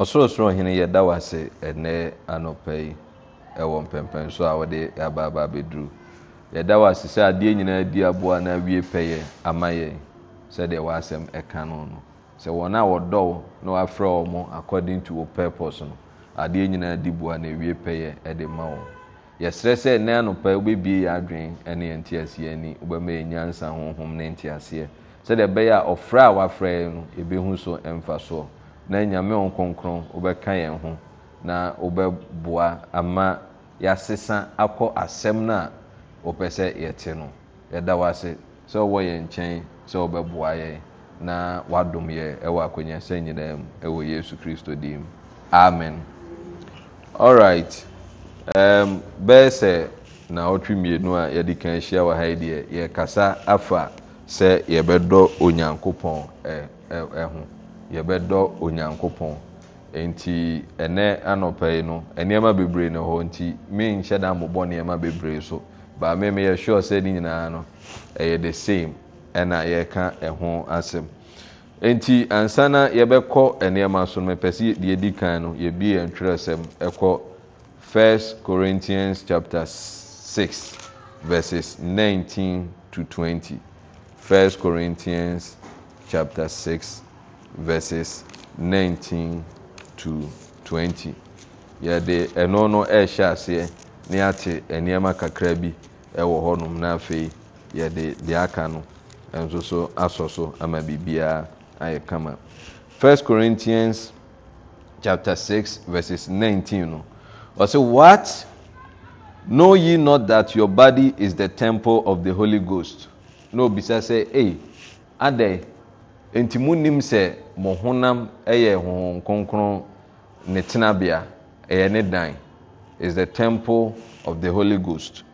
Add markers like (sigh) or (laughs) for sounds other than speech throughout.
ɔsorosoro hene yɛda wase ɛnɛ anɔpa yi ɛwɔ mpɛmpɛn so a wɔde abaaba abɛduru yɛda wase sɛ adeɛ nyinaa di aboa na awie pɛyɛ ama yɛn sɛdeɛ wɔasɛm ɛka no no sɛ wɔn a wɔdɔ wo na wɔafrɛ wɔn according to wɔ purpose no adeɛ nyinaa di boa na awie pɛyɛ ɛde ma wɔn yɛsrɛ sɛ ɛnɛ anɔpa yi wobɛbie yɛ adwene ɛne yɛn nteaseɛ ani wobɛma yɛn nyansa honhom ne nteaseɛ sɛdeɛ ɛbɛyɛ a ɔfrɛ a wɔafrɛ yɛn no yɛbɛhu so ɛmfa soɔ na nyame wɔ kronkron wobɛka yɛn ho na wobɛboa ama yɛasesa akɔ asɛm no a wɔpɛ sɛ yɛte no yɛda w ase sɛ ɔwɔ yɛ nkyɛn sɛ wobɛboa yɛn na wadom yɛ ɛwɔ akonya sɛ nyinaa mu ɛwɔ yesu kristo dim amen allright bɛɛ sɛ na ɔtwe mmienu a yɛde ka ahyia wɔ hai deɛ yɛkasa afa sɛ yɛbɛdɔ onyankopɔn ho yɛbɛdɔ onyankopɔn nti ɛnɛ anɔpɛ yi no nnoɔma bebree ne hɔ nti menhyɛ da mobɔ nnoɔma bebree so baa me meyɛ sure sɛ ne nyinaa no ɛyɛ the same ɛna yɛreka ɛho asɛm nti ansana na yɛbɛkɔ nnoɔma so no mepɛ sɛ deɛ di kan no yɛbie yɛn twerɛsɛm ɛkɔ 1 Corinthians chapter six verses nineteen to twenty 1 Corinthians chapter six verses 19 to 20 yɛde ɛno no ɛrehyɛ aseɛ ne ate nneɛma kakra bi ɛwɔ hɔnom na afei yɛde deɛ aka no nso so asɔ so ama biribiara ayɛ kama 1 corinthians chapter 6 verses 19 no ɔsɛ what know ye not that your body is the temple of the holy ghost na obisa sɛ ei adɛn mu monim sɛ mo honam yɛ honhom kronkron ne tenabea ɛyɛ ne dan is the temple of the holy ghost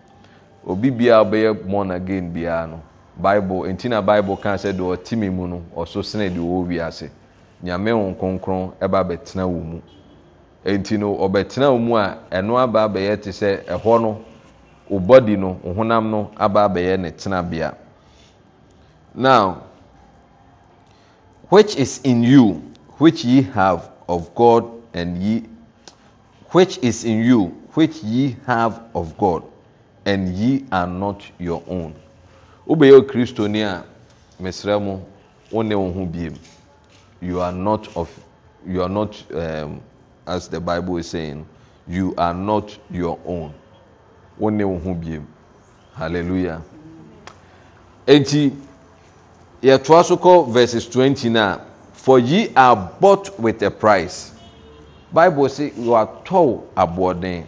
obi biara wobɛyɛ born again biara no bible ɛnti na bible ka sɛ deɛ ɔte ɔtimi mu no ɔso sene deɛ ɔwɔ wiase nyame ho kronkron ba bɛtena wɔn mu ɛnti no ɔbɛtena wɔn mu a ɛno abaa bɛyɛ te sɛ ɛhɔ no wo bɔdi no wo honam no abaa bɛyɛ ne tenabea now which is in you, which ye have of God, and ye which is in you, which ye have of God, and ye are not your own. Wobɛyɛ Kristo ni a, mesrɛ mo, wone You are not of, you are not, um, as the Bible is saying, you are not your own. Onee wo ho Hallelujah. yɛtoa so kɔ verses twenty no for ye are bought with a price bible say se wɔatɔw aboɔden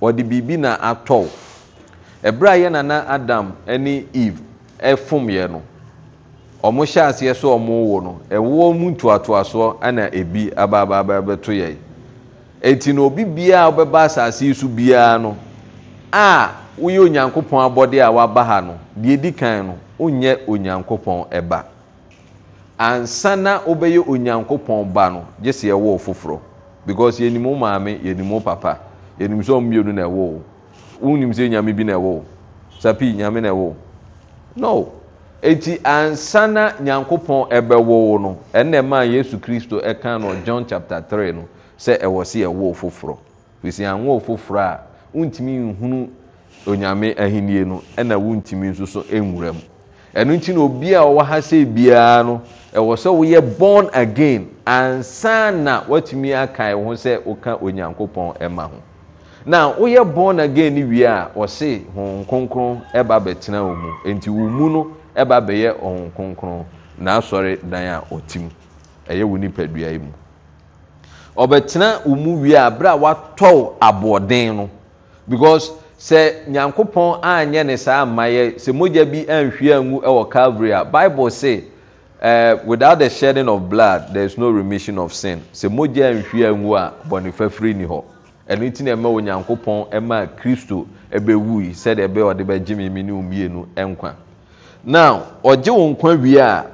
ɔde biribi na atɔw ɛberɛ a yɛ nana adam ne eve fomyɛ no ɔmo hyɛ aseɛ sɛ ɔmowo no ɛwɔ mu ntoatoasoɔ ana ɛbi abaabaababɛto yɛe ɛnti na obi biaa wobɛba asase yi so biara no a woyɛ onyankopɔn abɔdeɛ a w'aba ha no deɛ di kan no wonyɛ onyankopɔn ɛba ansa na wobɛyɛ onyankopɔn ba no gye sɛ ɛwɔ foforɔ because yɛnim wo maame yɛnim wo papa yɛnim sɛ ɛwɔ no ɛwoo wonim sɛ nyame bi na ɛwɔ ɛwoo sapi nyame na ɛwɔ ɛwoo no ɛnti ansa na nyankopɔn ɛbɛwoo no ɛnnɛ maa yesu kristo ɛka no john chapter 3 no sɛ ɛwɔ se ɛwɔ foforɔ firi sɛ foforɔ a wontumi nhunu onyame ahennie no ɛna wontimi nso so nwura mu ɛno nti no obi a ɔwɔ ha sɛ biara no ɛwɔ sɛ woyɛ born again ansana na woatumi akae wo ho sɛ woka onyankopɔn ma ho na woyɛ born again no wie a ɔse honhom kronkron ɛba bɛtena wo mu ɛnti wo mu no ɛba bɛyɛ ɔhonhom kronkron naasɔre dan a ɔtim ɛyɛ wo nipadua yi mu ɔbɛtena wo mu wie a berɛ a aboɔden no because sɛ nyankopɔn anyɛ ne saa mmayɛ sɛ mogya bi anhweangu wɔ calvary a bible se eh, without the shedding of blood there is no remission of sin sɛ mogya anhweangu a bɔne fafiri nni hɔ ɛno ntine ɛma onyankopɔn maa kristo bɛwui sɛdeɛ ɛbɛ ɔde bɛgyememe ne omienu nkwa no ɔgye wo nkwa wie a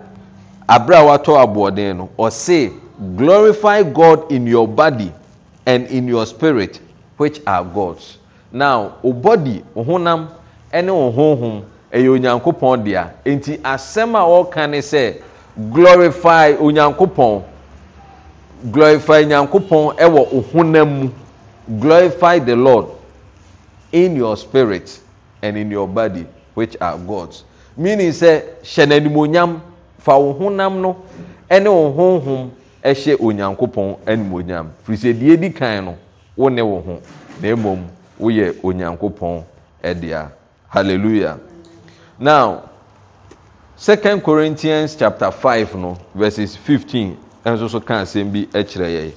aberɛ a woatɔ aboɔden no ɔse glorify god in your body and in your spirit which are gods no obɔdi wo honam ɛne wo hohom ɛyɛ onyankopɔn dea ɛnti asɛm a ɔka ne sɛ glrfy onyankopɔ glorify onyankopɔn wɔ wo honam mu glorify the lord in your spirit and in your body which are gods meani sɛ hyɛ no animonyam fa wo honam no ɛne wo hohom hyɛ onyankopɔn animonyam firi sɛ deɛ di kan no wo ne wo ho na mmom woyɛ onyankopɔn ɛdea Hallelujah. now second corinthians chapter 5 no verses 15 ɛnso so ka asɛm bi kyerɛ yɛi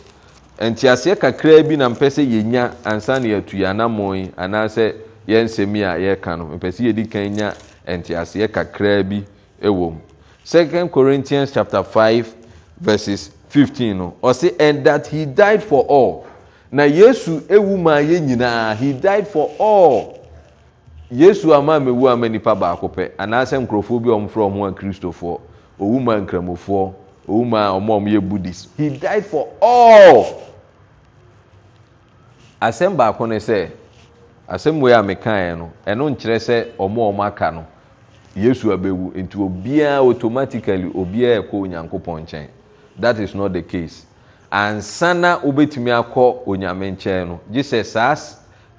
ɛntiaseɛ kakraa bi na mpɛ sɛ yɛnya ansa ne yɛatu yɛ anammɔyi anaasɛ yɛ nsɛm yi a yɛreka no mpɛ sɛ yɛdi kan nya ɛntiaseɛ kakraa bi wɔm second corinthians chapter 5 verses 15 no ɔse and that he died for all na yesu ewu maa yɛ nyinaa he died for all yesu ama mewu ama nipa baako pɛ anaasɛ nkurɔfoɔ bi a wɔn fura wɔn a kristofoɔ owu maa nkramofoɔ owu maa wɔn a wɔyɛ buddhist he died for all asɛm baako ne sɛ asɛm wei a mekaeɛ no ɛno nkyerɛ sɛ wɔn a wɔn aka no yesu abɛwu nti obiara automatically obiara ɛkɔ onyankopɔn nkyɛn that is not the case ansa na wobɛtumi akɔ onyame nkyɛn no gye sɛ saa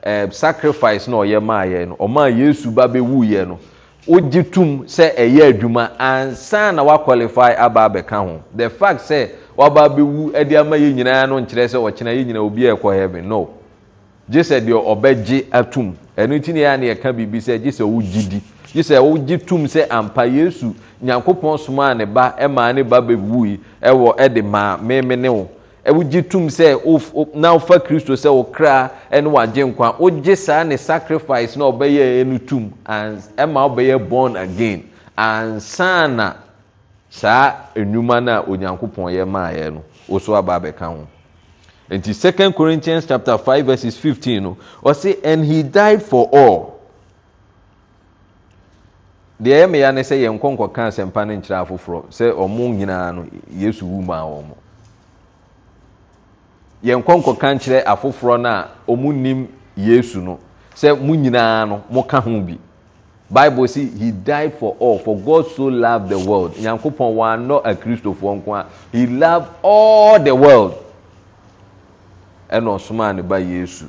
eh, sacrifice na ɔyɛ maayɛ no ɔmaa yesu ba bɛwuiɛ no wogye tom sɛ ɛyɛ adwuma ansa na woaqualify abaa bɛka ho the fact sɛ woabaa bɛwu de ama yɛ nyinaa no nkyerɛ sɛ ɔkyena yɛ nyina obi ɛkɔ heaven no gye sɛ deɛ ɔbɛgye atom ɛno nti ne ɛa ne yɛka biribi sɛ gye sɛ di gye sɛ wogye sɛ ampa yesu nyankopɔn somaa ne ba maa ne ba bɛwui ɛwɔ ɛde maa meme ne wo wogye tom sɛ na wofa kristo sɛ wo kraa ne wagye nkɔ a wogye saa ne sacrifice na ɔbɛyɛɛ no tom ma obɛyɛ bon again ansaa na saa nnwuma no a onyankopɔn yɛmaaeɛ no ɔsɔ abaabɛka hotis55ɔse an h died f all deɛ ɛ meyɛ ne sɛ yɛnnkɔnkɔkaa sɛmpa no nkyerɛ afoforɔ sɛ ɔmo nyinaa no yesu w maɔ yɛnkɔnkɔka nkyerɛ afoforɔ no a ɔmunim yesu no sɛ mo nyinaa no moka ho bi bible si he died for all for god so loved the world nyankopɔn wɔanɔ akristofoɔ nko a he loved all the world ɛna ɔsomaa ne ba yesu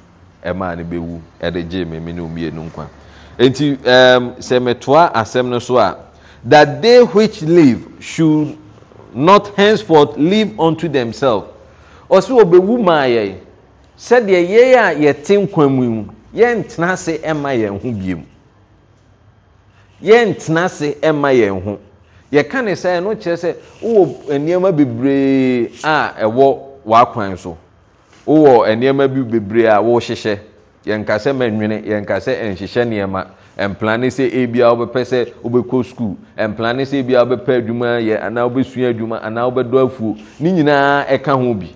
maa no bɛwu ɛde gye meme ne omienu nkwa nti sɛ metoa asɛm no so a that they which live should not henceforth live unto themselves ɔsɛ ɔbɛwu maa yɛn sɛdeɛ yɛn a yɛte nkwa mu mu yɛntena ase ɛma yɛn ho biem yɛntena ase ɛma yɛn ho yɛka ne sɛ ɛno kyerɛ sɛ wowɔ nneɛma bebree a ɛwɔ w'akwan so wowɔ nneɛma bi bebree a wɔrehyehyɛ yɛnka sɛ mɛnwene yɛnka sɛ nhyehyɛ nneɛma mplane sɛ ebia wobɛpɛ sɛ wobɛkɔ sukuu mplane sɛ ebia wobɛpɛ adwuma yɛ anaa wobɛsua adwuma anaa wobɛdɔ afuo ne nyinaa ɛka ho bi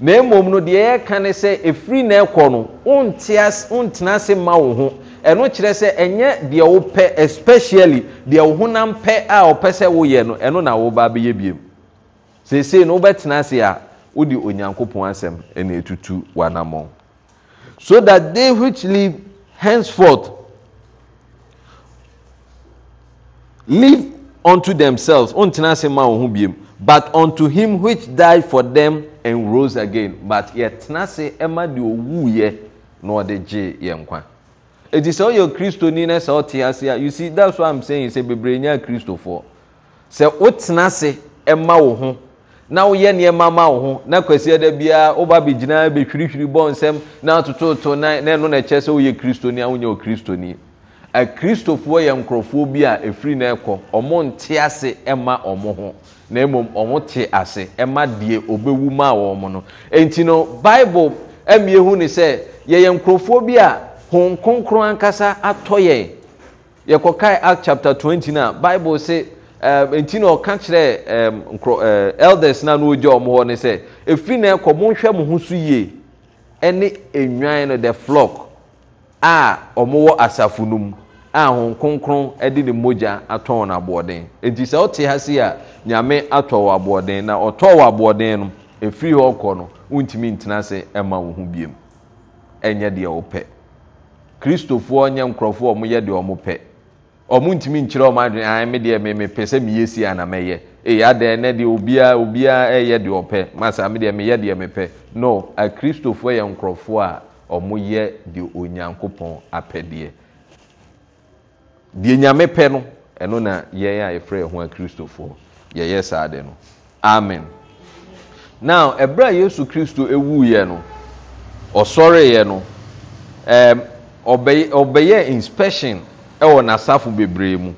mom no deɛ yɛka ne sɛ ɛfiri na ɛkɔ no wwontena ase ma wo ho ɛno kyerɛ sɛ ɛnyɛ deɛ wopɛ especially deɛ wo honam pɛ a ɔpɛ sɛ woyɛ no ɛno na wo baa bɛyɛ biem sesei no wobɛtena ase a wode onyankopɔn asɛm ɛne ɛtutu wanammɔ so that tey which henceforth live unto themselves wontena se ma wo ho biem but unto him which die for tem and rose again but yɛtena se ɛma deɛ ɔwuiɛ na ɔde gye yɛn nkwa eti sɛ ɔyɛ kristoni na sɛ ɔte ase a you see that's why i'm saying sɛ bebree nya kristofoɔ sɛ wotena se ɛma wo ho na woyɛ nneɛma ma wo ho na kwasi ɛda biara woba bɛgyina bɛhwirihwiri bɔ nsɛm na atototo na ɛno na ɛkyɛ sɛ woyɛ kristoni a wonyɛ ɔ kristoni akristofoɔ yɛ nkurɔfoɔ bi a ɛfiri no ɛkɔ ɔmo nte ase ma ɔmo ho na mmom ɔmo te ase ma deɛ ɔbɛwu ma a no ɛnti no bible mie hu ne sɛ yɛyɛ nkurɔfoɔ bi a hom kronkron ankasa atɔ yɛ yɛkɔkae act chapter twenty na a bible se ɛnti na ɔka kyerɛ elders no a na ɔgya ɔmo hɔ ne sɛ ɛfiri no ɛkɔ monhwɛ mo ho so yie ɛne nnwan no the flock a ɔmowɔ asafo no mu a ho kronkron de ne mmogya atɔ no aboɔden ɛnti sɛ ha sei a nyame atɔ na ɔtɔ wɔ aboɔden no ɛfiri hɔ ɔkɔ no wontumi ntena ma wo ho biom ɛnyɛ deɛ nye deɛ pɛ ntumi nkyerɛ adwene me deɛ sɛ ne deɛ ɛyɛ deɛ ɔpɛ me deɛ deɛ no yɛ ɔmoyɛ deɛ onyankopɔn apɛdeɛ deɛ nyame pɛ no ɛno na yɛn a yɛfrɛ yɛ a kristofoɔ yɛyɛ saa de no amen now ɛberɛ a yesu kristo ɛwuiɛ no ɔsɔreeɛ no ɔbɛyɛ inspection ɛwɔ n'asafo bebree mu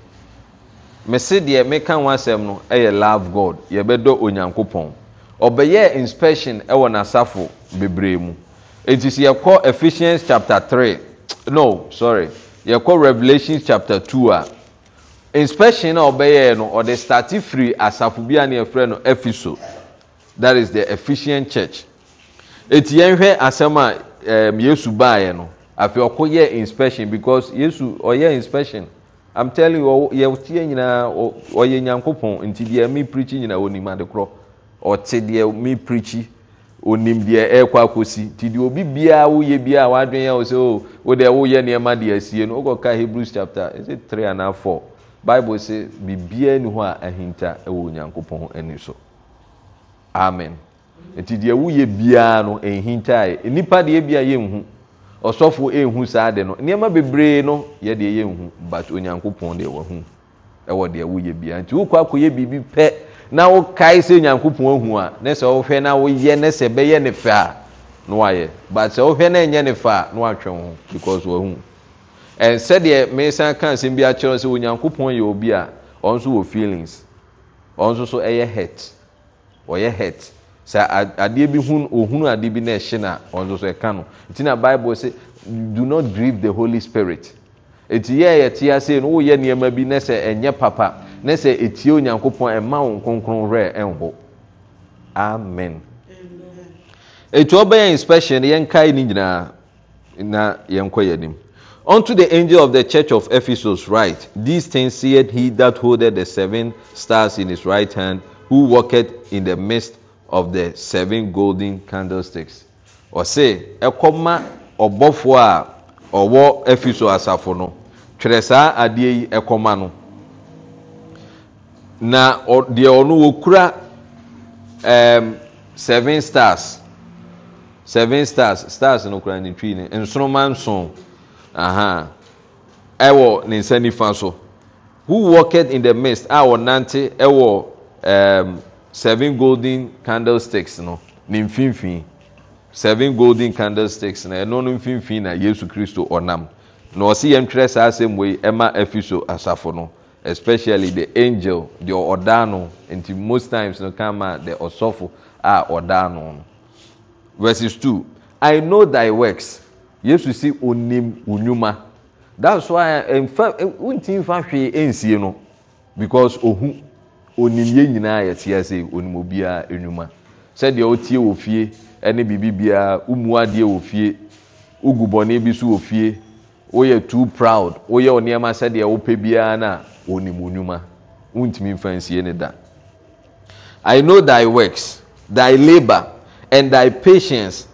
mese deɛ meka ho asɛm no ɛyɛ love god yɛbɛdɔ onyankopɔn inspection ɛwɔ n'asafo bebree mu ɛnti sɛ yɛkɔ ephesians chapter three. no sorry yɛkɔ revelations chapter two. a inspection a ɔbɛyɛɛ no ɔde starte firi asafo bi a ne yɛfrɛ no efiso that is the ephesian church ɛti yɛnhwɛ asɛm a um, yesu baaeɛ no afei ɔkɔ yɛ inspection because yesu ɔyɛ inspection i'm telling you yɛteɛ nyinaa ɔyɛ nyankopɔn nti deɛ me preachi nyinaa ɔnim ade korɔ ɔte deɛ me preachi onim deɛ ɛrekɔ akɔsi nti deɛ obi biara woyɛ biara wadwene yɛ wo sɛ o oh, wo deɛ woyɛ nneɛma deɛ asie no wokɔka hebrews chapter ɛsɛ three and four bible sɛ biribiara ni hɔ a ahinta ɛwɔ onyankopɔn ani so amen nti deɛ woyɛ biara no ɛnhintaeɛ nnipa deɛ bi a yɛnhu ɔsɔfo ɛnhu saa de no nneɛma bebree no yɛdeɛ yɛnhu but onyankopɔn deɛ wahu ɛwɔ deɛ woyɛ biara nti wokɔ akɔyɛ biribi pɛ na wokae sɛ nyankopɔn ahu a ne sɛ wohwɛ na woyɛ ne sɛ bɛyɛ ne fɛ a na wayɛ but sɛ wohwɛ na ɛnyɛ ne fɛ a na watwɛ ho because wahu ɛn sɛdeɛ mesan ka asɛm bi akyerɛ sɛ onyankopɔn yɛ obi a ɔn nso wɔ feelings ɔn nso so ɛyɛ hurt ɔyɛ hurt sɛ adeɛ bi hun ohun adeɛ bi na ɛhyɛ na ɔn nso so ɛka no nti na bible sɛ do not grieve the holy spirit eti yɛ yɛ te ase no woyɛ nneɛma bi na sɛ ɛnyɛ ne sɛ ɛtie onyankopɔn ɛma wo kronkron werɛ ɛnho amen ɛtu ɔbɛyɛ inspection yɛnkae no nyinaa na yɛnkɔ yɛ anim Unto the angel of the church of Ephesus write, These things said he that holdeth the seven stars in his right hand, who walked in the midst of the seven golden candlesticks. Ɔse, ɛkɔma ɔbɔfoɔ a ɔwɔ Ephesus asafo no, twerɛ saa adeɛ yi ɛkɔma no na deɛ ɔno wɔkura um, seven stars seven stars stars no kora ne twi ne nsoroma nson aha ɛwɔ ne nsa nifa so who walked in the midst a ɔnante ɛwɔ um, seven golden candlesticks no ne mfimfini seven golden candlesticks na ɛno no mfimfini na yesu kristo ɔnam na ɔsi yɛn twerɛ saa asɛm wei ɛma afi so asafo no especially the angel the ɔdaa Until most times no kama the ɔsɔfo a ɔdaa no verses two i know thy works yesu si onim onyuma that's why nfa nti nfa hwee nsie no because ohu onim yɛn nyinaa yɛte ase onim obiara enyuma sɛdeɛ ɔtie wɔ fie ɛne biribi biara umu adeɛ wɔ fie ugu bɔnne bi so wɔ fie woyɛ too proud woyɛ wo nnoɔma sɛdeɛ wopɛ biara no a ɔnim nnwuma wontumi mfa nsie no da i know thy works thy labour and thy patience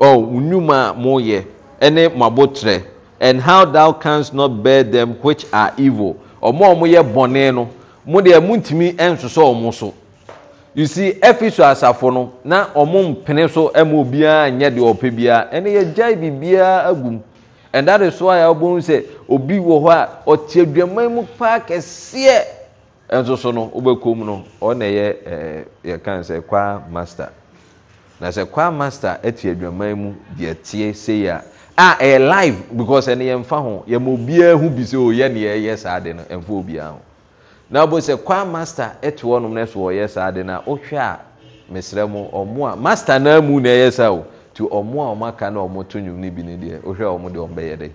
nnwuma a moyɛ ne mabotrɛ and how thou canst not bear them which are evil ɔmo a moyɛ bɔne no mo deɛ montumi nsosɔ ɔ mo You see, ɛfiso asafo no na ɔmo mpene so ma obiara nyɛ deɛ ɔpɛ biara ɛne yɛgyae biribiara agum and that is why abom sɛ obi wɔ hɔ a ɔte aduaman mu paa kɛseɛ nso so no wobɛkɔ mu no ɔna ɛyɛ ɛɛ yɛka sɛ kwaa master na sɛ kwaa master ɛte aduaman mu deɛ tie seyi a a ɛyɛ live because ɛne yɛn fa ho yɛn mo biara ho bi sɛ ɔyɛ ne yɛyɛ saa de no ɛnfɔ obiara ho na abo sɛ kwaa master ɛte hɔ nom na ɛso ɔyɛ saa de no a a mesrɛ mo ɔmo a master naa mu na ɛyɛ saa o nti ɔmo a ɔmo aka na ɔmo to nnwom no bi ne deɛ wohwɛ ɔmo deɛ ɔmbɛyɛ dɛ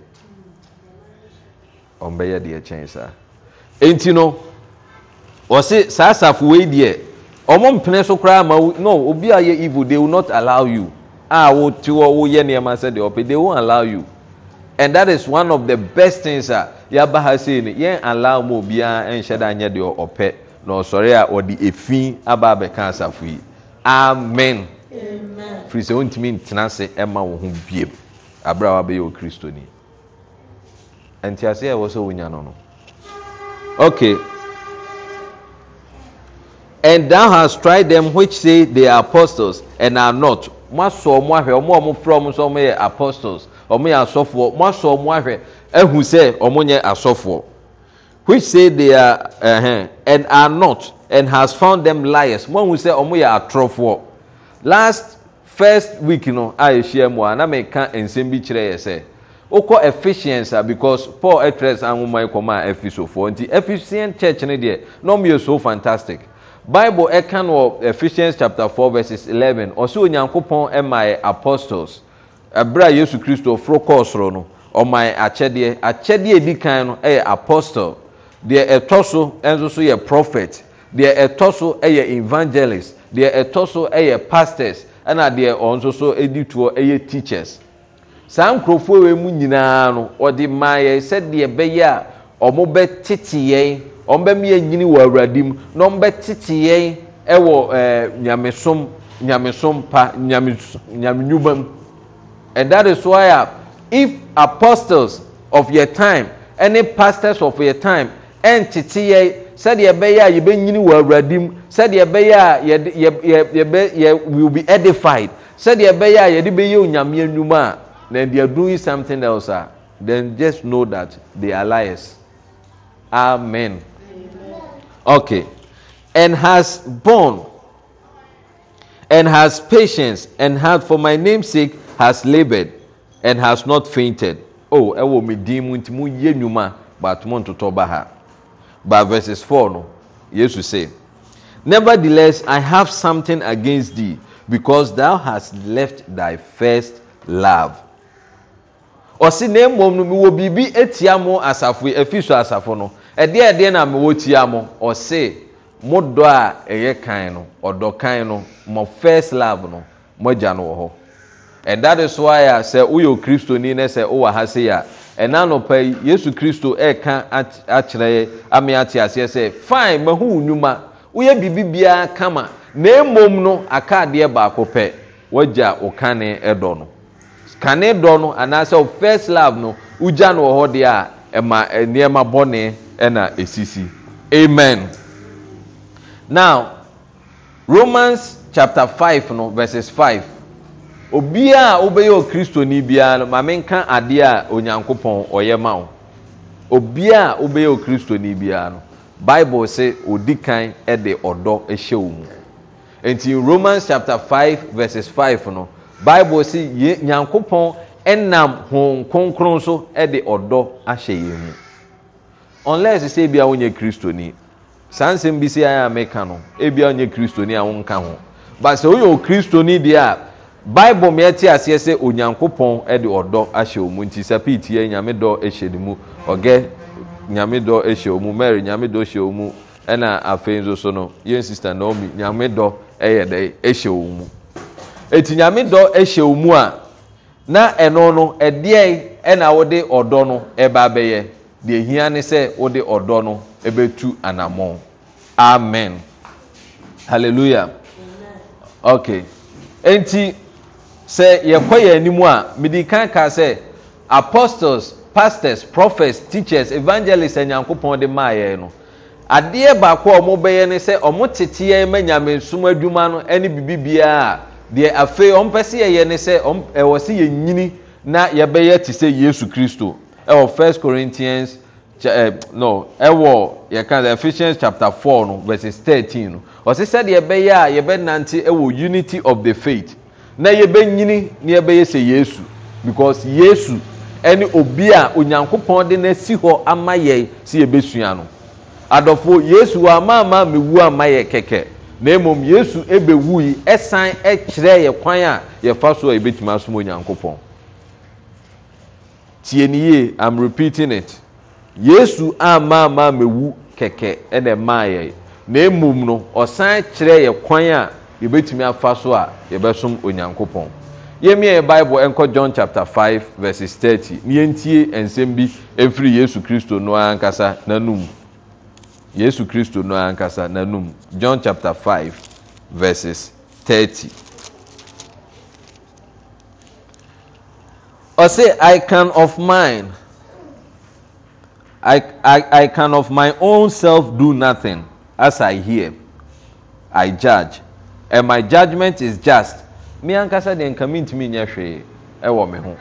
ɔmbɛyɛ deɛ kyɛn saa enti no wɔse saa asafo wei deɛ ɔmo mpene so koraa ma no obi a yɛ evil they will not allow you a wote hɔ woyɛ nneɛma sɛ deɛ ɔpɛ they won't allow you and that is one of the best things a yɛaba ha sei no yɛn allow ma obiara nhyɛ da nyɛ deɛ ɔpɛ na ɔsɔre a ɔde efi aba abɛka asafo yi amen. firi sɛ wontumi ntena ase ma wo ho biem aberɛ a wabɛyɛ wɔ kristoni ɛntiase a ɛwɔ sɛ wonya no no okay and thou has tried them which say they are apostles and are not mo asɔ mo ahwɛ ɔmo a ɔmo frɛ ɔmo sɛ ɔmo yɛ apostles ɔmo yɛ asɔfoɔ mo asɔ mo ahwɛ ehu sɛ ɔmo nyɛ asɔfoɔ which say they are uh -huh, and are not and has found them liars mo ahu sɛ ɔmo yɛ atorɔfoɔ. last first week no a yɛhyia mu a na meka nsɛm bi kyerɛ yɛ sɛ wokɔ efficiency a because paul ɛtrɛs anwoma ɛkɔma a ɛfisofoɔ nti efficient church no deɛ na yɛ so fantastic bible ɛka no wɔ Ephesians chapter four verses eleven ɔsɛ onyankopɔn ɛma yɛ apostles ɛbrɛ a yesu kristo foro kɔɔ soro no ɔma yɛ akyɛdeɛ akyɛdeɛ edi kan no ɛyɛ apostle deɛ ɛtɔ so ɛnso so yɛ prophet deɛ ɛtɔ so ɛyɛ evangelist deɛ ɛtɔ so yɛ pastors ɛna deɛ ɔn so so di toɔ yɛ teachers saa nkurɔfoɔ wei mu nyinaa no ɔde maa yɛ sɛdeɛ bɛyɛ a ɔmo bɛtete yɛn ɔmo bɛmi yɛ nyini wɔ awurade mu na ɔmo bɛtete yɛn ɛwɔ ɛɛ nyamesom nyamesom pa nyame nyamenyuma mu and that is why if apostles of your time ɛne pastors of your time ɛnteteyɛ sɛdeɛ ɛbɛyɛ a yɛbɛnyini wɔ awurade mu sɛdeɛ ɛbɛyɛ a yɛ will be edified sɛdeɛ ɛbɛyɛ a yɛde bɛyɛ onyame nnwuma a na they are doing something else a then just know that they are liars amen okay and has borne and has patience and has for my name's sake has labored and has not fainted oh ɛwɔ mi din mu nti mu yɛ nnwuma but mo ntotɔ ba ha by verses 4 no. Yesu say, Nevertheless, I have something against thee, because thou hast left thy first love. ɔsi na mmom no mewɔ biribi etia mo asafo yi efi so asafo no ɛdeɛ ɛdeɛ na mewɔ tia mo ɔsi mo dɔ a ɛyɛ kan no ɔdɔ kan no mo first love no mo agya no wɔ hɔ. and that is why a sɛ woyɛ kristoni ne ha sei a ɛna nɔpa yi yesu kristo ɛrɛka e akyerɛ ame ate aseɛ sɛ fine maho wo nnwuma bibi biribibiara kama na mmom no akaadeɛ baako pɛ woagya ụka kane dɔ no kane dɔ no uja no a ɛma nnoɔma bɔne na esisi. amen now romans chapter 5 no 5 obiaa wobɛyɛ okristoni biara no ma menka adeɛ a onyankopɔn ɔyɛ ma wo obiaa wobɛyɛ okristoni biara no bible se ɔdi kan de ɔdɔ hyɛ wo mu romans chapter five v five no bible se nyankopɔn ɛnam hohom kronkron so de ɔdɔ ahyɛ yɛn mu ɔnless sɛ ebia wonyɛ ni saa nsɛm bi a meka no ebia wonyɛ kristoni a wonka ho but sɛ woyɛ a bible me ɛte aseɛ sɛ onyankopɔn de ɔdɔ ahyɛ o mu nti sɛ piitiɛ nyamedɔ hyɛ ne mu ɔgɛ nyamedɔ hyɛ o mu mary nyamedɔ hyɛ o mu ɛna afei nso so no yɛn sister naomi nyamedɔ yɛ dɛ hyɛ o mu ɛti nyamedɔ hyɛ o mu a na ɛno no ɛdeɛ ɛna wode ɔdɔ no ɛba bɛyɛ deɛ hia ne sɛ wode ɔdɔ no bɛtu anammɔn amen halleluja sɛ yɛkɔ yɛn anim a mede kan kaa sɛ apostles pastors prophets teachers evangelists anyankopɔn de maa yɛn no adeɛ baako a wɔbɛyɛ ne sɛ wɔtete yɛn ma nyamesom adwuma no ne biribibiara a deɛ afei ɔmpɛ sɛ yɛyɛ ne sɛ ɛwɔ sɛ yɛnyini na yɛbɛyɛ te sɛ yesu kristo ɛwɔ first corinthians no ɛwɔ yɛka sɛ ephesians chapter four no verses thirteen no ɔsi sɛdeɛ ɛbɛyɛ a yɛbɛnante ɛwɔ unity of the faith na yɛbɛnyini na yɛbɛyɛ sɛ yesu because yesu ɛne obi a onyankopɔn de na si hɔ ama yɛn sɛ yɛbɛsua no adɔfo yesu wɔ amaama mewu ama yɛ kɛkɛ na mmom yesu ebɛwu yi ɛsan ɛkyerɛ yɛ kwan a yɛfa so a yɛbɛtumi asom onyankopɔn tie ne yie i'm repeating it yesu amaama mewu kɛkɛ ɛna ɛmaa yɛn na mmom no ɔsan kyerɛ yɛ kwan a yɛbɛtumi afa so a yɛbɛsom onyankopɔn yɛmiɛyɛ bible ɛnkɔ john chapter 5 verses 30 ne yɛntie ɛnsɛm bi ɛfiri yesu kristo no ara ankasa nanum. yesu kristo no ara ankasa nanum. john chapter 5 verses 30 say i can of mine I, I, I can of my own self do nothing as I hear, I judge, and my judgment is just me ankasa deɛ nka mentumi nyɛ hwee ɛwɔ me ho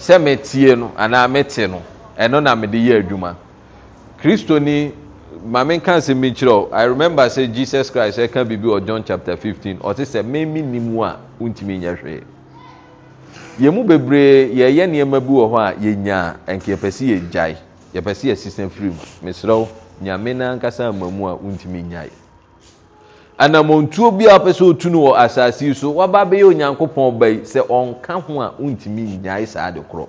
sɛ metie no anaa mete no ɛno na mede yɛ adwuma kristo ni maame nka asɛm bi kyerɛ i remember sɛ jesus christ ɛka biribi wɔ john chapter fifteen ɔte sɛ mɛmi ni mu a wontumi nyɛ hwee yɛn mu bebree yɛyɛ nneɛma bi wɔ hɔ a yɛnyaa nka yɛpɛ si yɛgyae yɛpɛ si yɛsisa firi mu mesrɛw nyame na ankasa ama mu a wontumi nyae anamontuo bi a wɔpɛ sɛ ɔtu no wɔ asase yi so waba bɛyɛ onyankopɔn ba yi sɛ ɔnka ho a wontumi nnyae saa de korɔ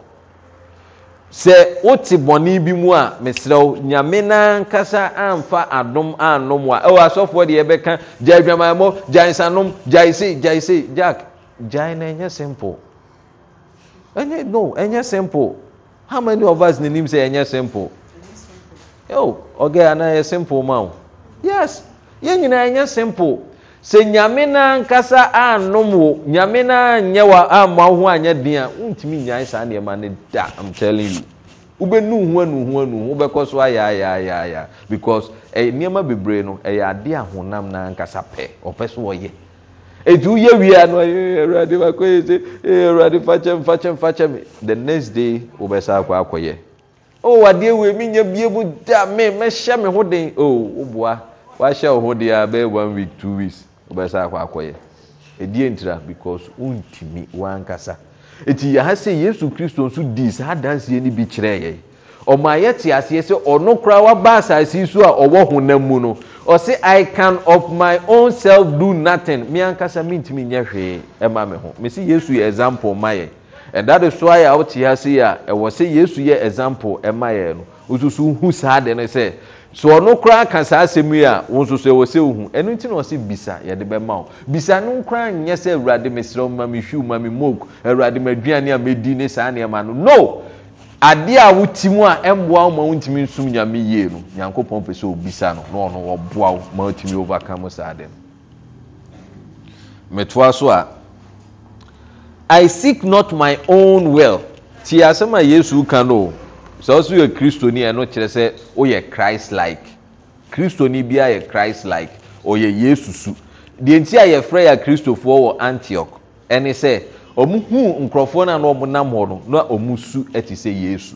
sɛ wote bɔne bi mu a mesrɛ nyame nankasa amfa adom anom a ɛwɔ asɔfoɔ deɛ yɛbɛka gyae dwamammɔ gyae nsanom gyae se gyae se jack gyae no ɛnyɛ simple ɛnyɛ no ɛnyɛ simple how many of us n'anim sɛ ɛnyɛ simple ɛyɛ oh ɔgɛ anaa simple ma o yes yɛn nyinaa ɛnyɛ simple sɛ nyame naa nkasa anom wo nyame naa nyɛ wa ama ho anyɛ den a wontumi nyae saa nneɛma no da i'm telling you wobɛnu ho anu ho anu ho wobɛkɔ so ayaayaaya because ɛyɛ nneɛma bebree no ɛyɛ ade a honam naa nkasa pɛ ɔpɛ so ɔyɛ ètò yẹ wia no awurade ma kọ yẹ sẹ awurade fakyẹm fakyẹm fakyẹm the next day wò bẹ sá akọ akọ yẹ oh, ọ wàdeɛ wẹ mi nyɛ bie mu da mi mɛhyɛ mi ho den o oh, wò bua wahyɛ wo ho deɛ a one week two weeks wobɛsa akɔ akɔyɛ ɛdiɛ ntira because wontumi wankasa ɛti yɛha sɛ yesu kristo nso dii saa danseɛ no bi kyerɛɛ yɛ ɔma yɛte aseɛ sɛ ɔno koraa waba asase yi so a ɔwɔ honam mu no ɔse i can of my own self do nothing me ankasa mentumi nyɛ hwee ɛma me ho me sɛ yesu yɛ example ma yɛ ɛda de so ayɛ a wote ha se yɛ a ɛwɔ sɛ yesu yɛ example ɛma yɛ no wosusu hu saa de no sɛ so ɔno koraa ka saa asɛm yi a wo nso so ɛwɔ sɛ wohu ɛno nti na ɔsɛ bisa yɛde bɛma wo bisa no koraa nyɛ sɛ awurade mesrɛ ma me hwiw ma me mok awurade maduane a mɛdi ne saa nneɛma no no adeɛ a woti mu a ɛmboa wo ma wontumi nsom nyame yie no nyankopɔn pɛ sɛ ɔbisa no na ɔno ɔboa wo ma wotumi overcome saa de no metoa so a i seek not my own will tie asɛm a yesu ka no sɛ wo so yɛ kristoni ɛno kyerɛ sɛ woyɛ christ like kristoni biaa yɛ christ like ɔyɛ yesu su deɛ nti a yɛfrɛ yɛ kristofoɔ wɔ antioch ɛne sɛ ɔmohuu nkurɔfoɔ no a na ɔmonam hɔ no na ɔmu su ati sɛ yesu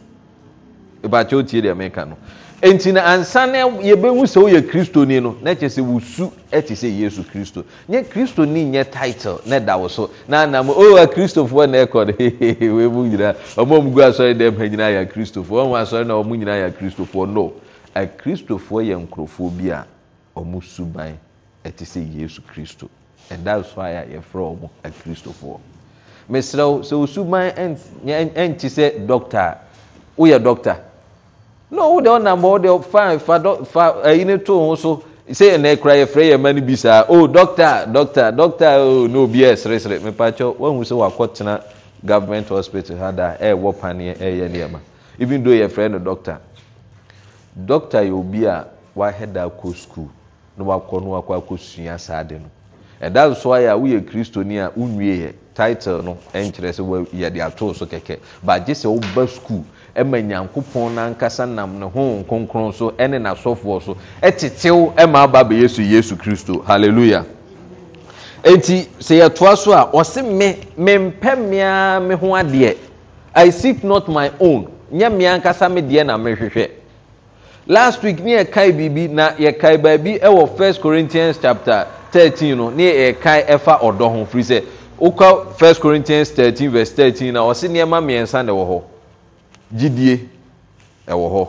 ɔbakyɛ wotie deɛ meka no nti n ansa n yɛbɛhu sɛ woyɛ kristoni no n kyɛ sɛ wɔsu te sɛ yesu kristo yɛ kristo ni yɛ title ne da wo so akristofoɔɔɛɔɔyiayɛkritfoɔn akristofoɔ oh, (laughs) yɛ nkrɔfoɔ bi a ɔmo su ban te sɛ yesu kristo n thas yɛfrɛ ɔ m akristofoɔ mesrɛ wo sɛ wɔsu ban nti sɛ dɔkta a woyɛ dɔkta no wo deɛ ɔnam hɔ deɛ fa fa dɔ fa ɛyi eh, ne to ho so sɛ ɛnɛ kura yɛ fɛ yɛ ma no bi saa o dɔkta dɔkta dɔkta o na obi yɛ seresere mipatwɛ wɔn sɛ wakɔ tena government hospital ha da ɛɛwɔ paneɛ ɛɛyɛ nneɛma even though yɛ fɛ no dɔkta dɔkta yɛ obi a wahɛda akɔ sukuu na wakɔ no wakɔ akɔ sua saa de no ɛda nso ayɛ a woyɛ kristoni eh, eh, a wonwie yɛ title no ɛnkyerɛ sɛ yɛde ato so kɛkɛ baagye sɛ woba sukuu ma nyankopɔn n'ankasa nam ne ho kronkron so ne n'asɔfoɔ so ɛtetew ma aba bɛyɛ yesu yesu kristo hallelujah eti sɛ yɛtoa so a ɔse me mempɛ mmea me ho adeɛ i seek not my own nyɛ mmea ankasa me deɛ na mehwehwɛ last week ne yɛkae biribi na yɛkae baabi wɔ first corinthians chapter thirteen no ne yɛkae ɛfa ɔdɔ ho firi sɛ wokɔ 1 corinthians thirteen verse thirteen na ɔse nneɛma mmiɛnsa na wɔ hɔ gyidie ɛwɔ hɔ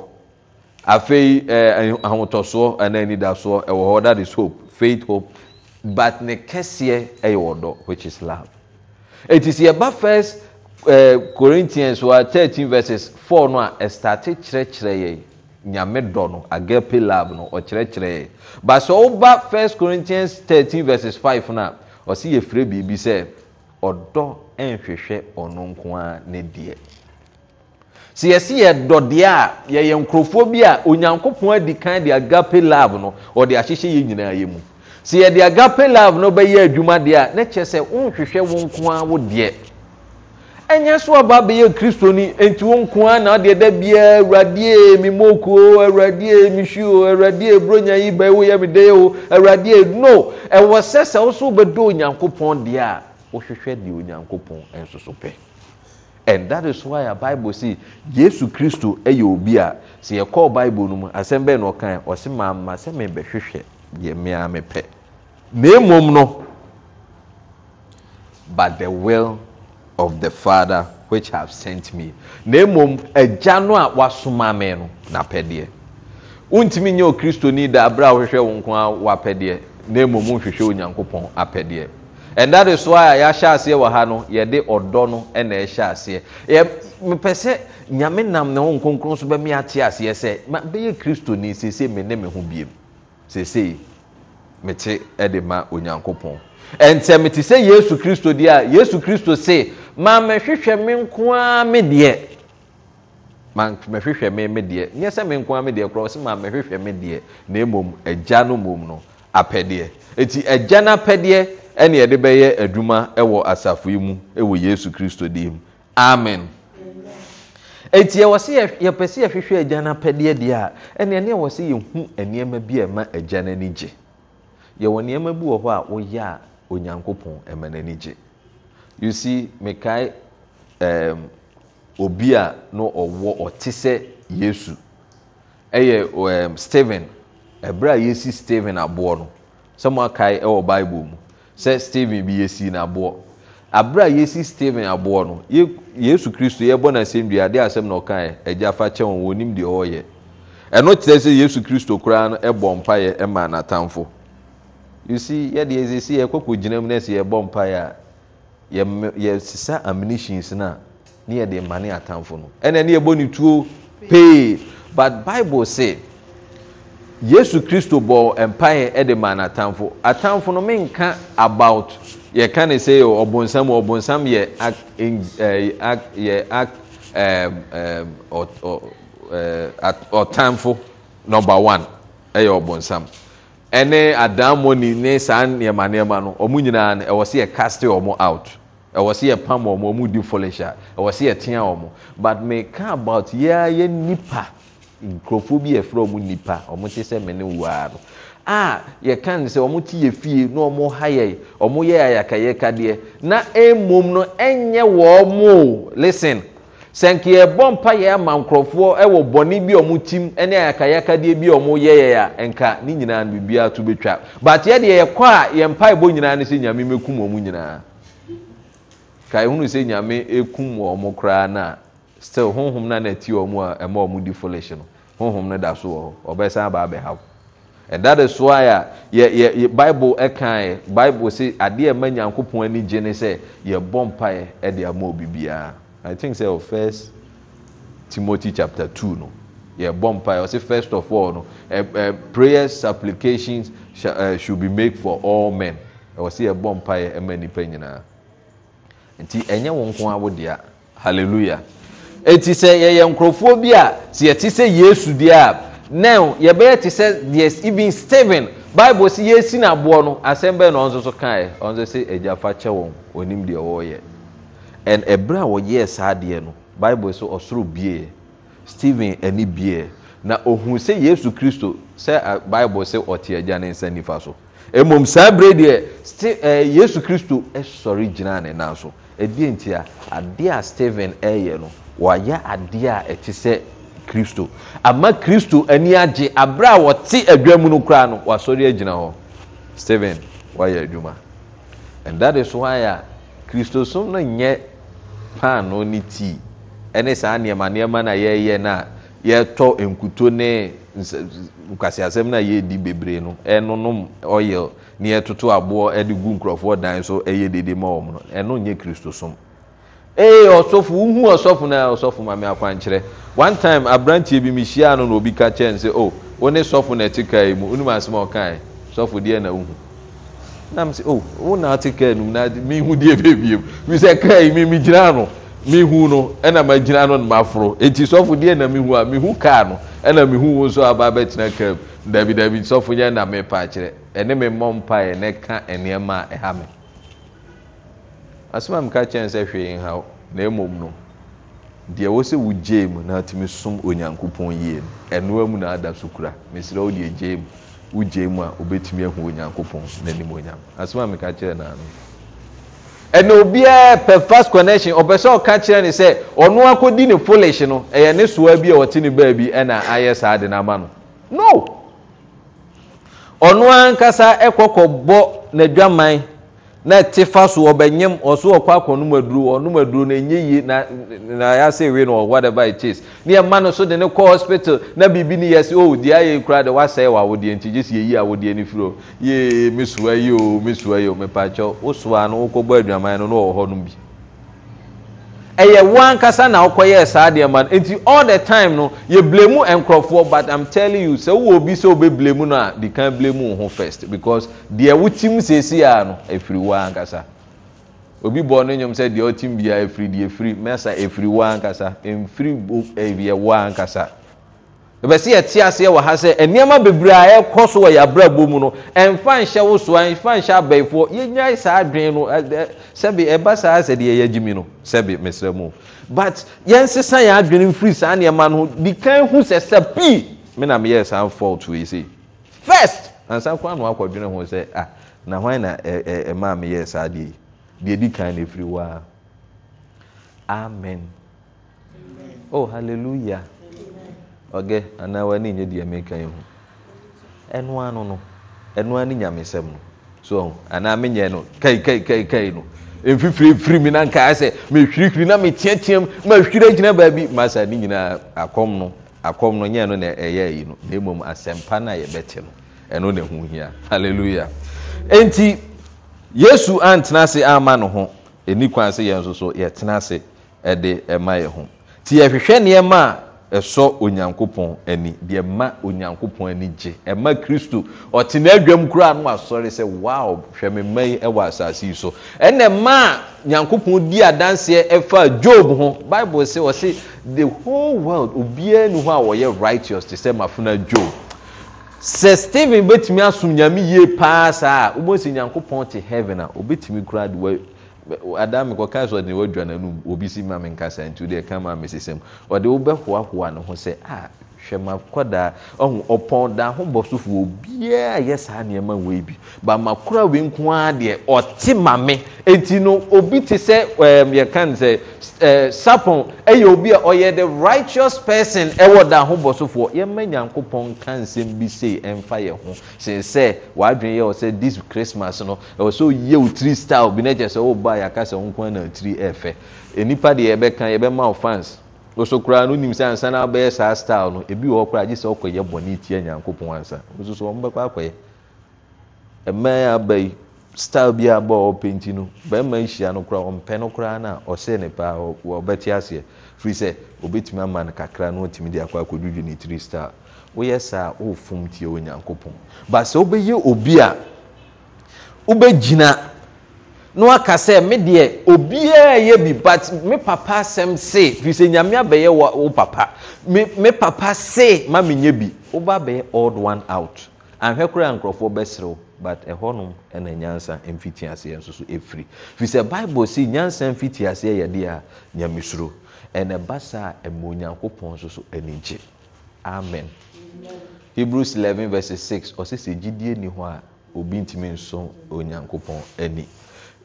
afei eh, eh, ahotɔsoɔ anaa anidasoɔ ɛwɔ hɔ that is hope faith hope but ne kɛseɛ ɛyɛ ɔdɔ which is love eti si yɛba first ɛɛ eh, Corinthians wa thirteen verses four no a ɛstate kyerɛkyerɛ yɛ nyame dɔ no agape love no ɔkyerɛkyerɛ yɛ but sɛ ɔba first Corinthians thirteen verses five no a ɔsi yɛfrɛ biribi sɛ ɔdɔ ɛnhwehwɛ ɔno nko ara ne deɛ sɛ yɛse yɛ dɔdeɛ a yɛyɛ nkurɔfoɔ bi a onyankopɔn adi kan de agape love no ɔde ahyehyɛ yɛ nyinaa yɛ mu sɛ yɛde agape love no bɛyɛ adwuma deɛ a ne kyerɛ sɛ wonhwehwɛ wo nko a wo deɛ ɛnyɛ so aba abɛyɛ kristoni nti wo nko ara na ɔdeɛ da biara awuradeɛ e, mi mokuo awuradeɛ e, mi hwio awuradeɛ e, buronya yi bɛyɛ wo yɛ mi dɛ o awuradeɛ no ɛwɔ sɛ sɛ wo so bɛdɔ onyankopɔn deɛ a wohwehwɛ deɛ onyankopɔn nso and that is why a bible say yesu kristo yɛ obi a sɛ yɛkɔɔ bible no mu asɛm bɛyɛ na ɔkan ɔsɛ maama sɛ mebɛhwehwɛ yɛ mmea mepɛ na mmom no but the will of the father which have sent me na mmom agya no a wasoma me no n'apɛdeɛ wontumi nyɛ okristoni da abere a wohwehwɛ wo nko a wapɛdeɛ na mmom nhwehwɛ onyankopɔn apɛdeɛ and that is why a yɛahyɛ aseɛ wɔ ha no yɛde ɔdɔ no na ɛhyɛ aseɛ mepɛ sɛ nyame nam ne ho nkronkron so bɛme ate aseɛ sɛ bɛyɛ kristoni seesei me ne me ho biem seesei mete de ma onyankopɔn ɛntɛ mete sɛ yesu kristo deɛ a yesu kristo se maa mɛhwehwɛ me nko ara me deɛ mɛhwehwɛ me me deɛ nyɛ sɛ me nko ara me deɛ korɔ sɛ maa mɛhwehwɛ me deɛ na mmom agya no mmom no apɛdeɛ ɛti agya no apɛdeɛ ɛne yɛde bɛyɛ adwuma wɔ asafo yi mu wɔ yesu kristo dimu amen ɛnti yɛwɔ sɛ yɛpɛ sɛ yɛhwehwɛ agya no deɛ a ɛneɛ ne ɛwɔ sɛ yɛhu nnoɔma bi a ɛma agya no gye yɛwɔ nnoɔma bi wɔ hɔ a woyɛ a onyankopɔn ɔma n'ani gye us mekae obi a no ɔwɔ ɔte sɛ yesu ɛyɛ ɛɛm stephen ɛberɛ a yɛsi stephen aboɔ no sɛ mo akae ɛwɔ bible mu sɛ steven bi yɛsi noaboɔ aberɛ a yɛsi steven aboɔ no yesu kristo yɛbɔ no asɛmduaadeɛ asɛm na ɔkaɛ agya fakyɛ wɔ wɔnim deɛ ɔɔyɛ ɛno kyerɛ sɛ yesu kristo koraa no bɔ mpayɛ ma n'atamfo s yɛde ɛsɛsi yɛkɔkɔgyinam no ɛsɛ yɛbɔ mpaeɛ a yɛsesa ammunitions no a ne yɛde mane atamfo no ɛne ne yɛbɔ ne tuo pee but bible se yesu kristo bɔ mpaeɛ ɛde ma n'atamfo atamfo no menka about yɛka ne sɛ yɛ ɔbonsam ɔbonsam yɛ ak ɛɛ eh, yɛ ak ɛɛm ɛɛm ɔt eh, ɔɛ ɔtamfo number one ɛyɛ ɔbonsam ɛne adamoni ne saa nneɛma nneɛma no ɔmo nyinaa no ɛwɔ sɛ yɛ cast ɔmo out ɛwɔ sɛ yɛ pam ɔmo ɔmo di folish a ɛwɔ sɛ yɛ tea ɔmo but meka about yɛa yɛ nipa nkurɔfoɔ bi yɛfrɛ ɔmo nipa ɔmo te sɛ mene wua no a yɛka no sɛ ɔmo te yɛ fie na ɔmo ha yɛ ɔmo yɛ ayakayɛka deɛ na emom no ɛnyɛ wɔn mo listen sɛnke yɛbɔ mpa yɛ ama nkurɔfoɔ ɛwɔ bɔne bi ɔmo tim ɛne ayakayakadeɛ bi ɔmo yɛyɛ a ɛnka ne nyinaa no biribiara to betwa but yɛdeɛ yɛkɔ a yɛn mpa ɛbɔ nyinaa no sɛ nyame mekum ɔmo nyinaa ka ehunu sɛ nyame ekum ɔmo koraa naa still honhom no na neti wɔ mu a ɛma ɔ mu di folish no honhom no da so wɔ hɔ ɔbɛsan that is why a bible kaeɛ bible sɛ adeɛ ɛma nyankopɔn ani gye ne sɛ yɛbɔ mpaeɛ ɛde ama ɔ bibiaa i think sɛ ɔ first timothy chapter two no yɛbɔ mpaeɛ ɔsɛ first of all no prayers applications should be made for all men ɛwɔ sɛ yɛbɔ mpaeɛ ma nnipa nyinaa nti ɛnyɛ wo nko a wo dea halleluja Eti sɛ yɛyɛ nkurɔfoɔ bi a sɛ yɛte sɛ yesu deɛ a now yɛbɛyɛ te sɛ deɛ even steven bible si yɛsi no aboɔ no asɛm bɛyɛ na ɔnso so kaeɛ ɔnso sɛ agyafa kyɛ wɔn ɔnim deɛ wɔreyɛ and ɛberɛ a wɔyɛɛ saa deɛ no bible so ɔsoro bieɛ steven ani bieɛ na ohun sɛ yesu kristo sɛ bible sɛ ɔte agya ne nsa nifa so mmom saa bere deɛ ɛɛ yesu kristo ɛsɔre gyina ne nan so ɛdeɛ nti a adeɛ a steven ɛɛyɛ no wayɛ adeɛ a ɛte sɛ kristo ama kristo ani agye aberɛ a wɔte adwa mu no koraa no wasɔre agyina hɔ steven wayɛ adwuma and that is why a kristosom no nyɛ paano ne tii ɛne saa nnoɔma nnoɔma no yɛyɛ no a yɛtɔ nkuto ne nkwaseasɛm no na yɛdi bebree no ɛnonom ɔyɛ ne yɛtoto aboɔ de gu nkurɔfoɔ dan so ɛyɛ dede ma wɔ m no ɛno nyɛ kristosom ee ɔsɔfo wohu ɔsɔfo no ɔsɔfo mame akwankyerɛ one time aberantiɛ bi mehyiaa no na obi ka kyɛne sɛ o oh, wo ne sɔfo no ɛte kae mu wonim asɛm a ɔkae sɔfo deɛ na wohu nam sɛ o oh, wo na ate kae no na mehu deɛ bebiem fi sɛ kae mi megyina no mehu no ɛna magyina no no maforo enti sɔfo deɛ na mehu a mehu kaa no ɛna mehu wo nso aba abɛtena kaa mu dabidabi sɔfo nyɛ na mepa akyerɛ ɛne me mmɔ mpaeɛ ne ka nneɛma a ɛha me asɛm a meka kyɛne sɛ hwee haw na mmom no deɛ wɔ sɛ wo gyee mu na atumi som onyankopɔn yie no ɛnoa mu na ada so kura mesrɛ wo deɛ gyee mu wogyee mu a wobɛtumi ahu onyankopɔn n'anim onyam asɛm a meka kyerɛ naano ɛna obiaa pɛ fast connection ɔpɛ sɛ ɔka kyerɛ ne sɛ ɔno akɔdi ne foolish no ɛyɛ ne soa bi a ɔte ne baabi ɛna ayɛ saa de no ama no no ɔno ankasa ɛkɔkɔbɔ n'adwaman na ɛte fa so ɔbɛnyam ɔso ɔkɔ akɔ nom aduro ɔnom aduro na ɛnyɛ yie na na ya se wei no whatever it is ne ɛma no so de ne kɔ hospital na biribi ne yɛ o oh, deɛ ayɛ kura de wasɛe wɔ awodeɛ nti gye sɛ yɛyi awodeɛ no firi o yee mesua yi o mesua yi o mepaakyɛw wosoa no wokɔbɔ aduaman no na ɔwɔ hɔ nom bi ɛyɛ wɔn ankasa na ɔkɔyɛ saa deɛ ma no nti all the time no yɛ blame nkurɔfoɔ but i'm telling you sɛ wowɔ obi sɛ wobɛ blame no a de kan blame wo ho first because deɛ wotim seesi a no efiri wɔn ankasa obi bɔ ne nyom sɛ deɛ ɔtim bia efiri deɛ efiri mɛsa efiri wɔn ankasa efiri ɛyɛ wɔn ankasa bɛsi yɛte ase wɔ ha sɛ e nneɛma bebree a ɛkɔ so wɔ yɛabrabɔ mu no ɛmfa e nhyɛ wo so ɛmfa e nhyɛ abɛɛfoɔ yɛnyae saa adwene no sɛbi ɛba saa sɛ deɛ yɛagye mi no sɛbi mesrɛ mu but yɛnsesa yɛn adwene mfiri saa nneɛma no di kan hu sɛ sɛ pii me na meyɛ saa fault wei sei first ansa koraa na wakɔdwene ho sɛ ah na hwan na ɛmaa meyɛ saa deɛ deɛ di kan na ɛfiri hɔ amen oh hallelujah ɔgɛ anaa w'ani nyɛ deɛ meka yi ho ɛno ano no ɛno ano nyamesɛm no so anaa menyɛ no kai kai kai kai no mfifiri firi mi na nkaa sɛ mehwirihwiri na meteateam mahwiri agyina baabi masa ne nyinaa akɔm no akɔm no nyɛ no na ɛyɛ yi no na mmom asɛmpa no a yɛbɛte no ɛno na ho hia hallelujah enti yesu antena ase ama ne ho eni kwan sɛ yɛn nso so yɛtena ase ɛde e ɛma e yɛ ho nti yɛhwehwɛ nneɛma a ɛsɔ onyankopɔn ani deɛ ma onyankopɔn ani gye ɛma kristo ɔte ne adwam koraa no asɔre sɛ wow hwɛ me mma yi wɔ asase yi so ɛnna ɛma a nyankopɔn di adanseɛ ɛfa job ho bible sɛ ɔse the whole world obiara ni hɔ a wɔyɛ righteous te sɛ mafuna job sɛ stephen bɛtumi asom nyame yie paa saa a wobɛsi nyankopɔn te heaven a obɛtumi koraa de adaa mekɔka so ɔdene wadwa n'anom obi si ma me nkasa nti wodeɛ ɛka ma mesesɛm ɔde wobɛhoahoa ne ho sɛ ah, hwɛ ma kɔda ɔho ɔpɔn da ho bɔ so fo obiara yɛ saa nneɛma wei bi ba ma kora wei nko ara deɛ ɔte ma me eti no obi te sɛ ɛɛm yɛka no sɛ ɛɛ sapon ɛyɛ obi a ɔyɛ the righteous person ɛwɔ da ho bɔ so fo yɛma nyankopɔn ka nsɛm bi sei ɛmfa yɛ ho sen sɛ wadwene yɛ wɔ this christmas no ɛwɔ sɛ oyie o tiri style bi n'ɛkyɛ sɛ ɔwɔ oh, ba yɛ aka sɛ ɔnko ara na tiri ɛɛfɛ enipa deɛ yɛbɛka ɔso koraa no nim sɛ ansa no abɛyɛ saa style no ebi wɔ koraa gye sɛ ɔkɔyɛ bɔne tia nyankopɔn ansa nso so wɔn bɛkɔ akɔyɛ mmaa aba yi style bi aba a ɔpenti no barima ahyia no koraa ɔmpɛ no koraa na ɔsɛ ne paa ɔbɛte aseɛ firi sɛ obetumi ama no kakra na ɔtumi de akɔ akɔdwodwo ne tiri style woyɛ saa ɔfom tie wɔ nyankopɔn ba sɛ wobɛyɛ obi a wobɛgyina no aka sɛ me deɛ obiara yɛ bi but me papa asɛm se firi sɛ nyame abɛyɛ wo papa me, me papa se ma menyɛ bi woba abɛyɛ old one out ahwɛ koraa nkurɔfoɔ bɛserew but ɛhɔnom ɛna nyansa mfiti aseɛ nso so ɛfiri firi sɛ bible si nyansa mfiti aseɛ yɛde a nyamesuro ɛna ɛba saa ɛma onyankopɔn nso so ani gye amen hebrews 11 verse 6 ɔsɛ sɛ gyidie ni hɔ a obi ntumi nso onyankopɔn ani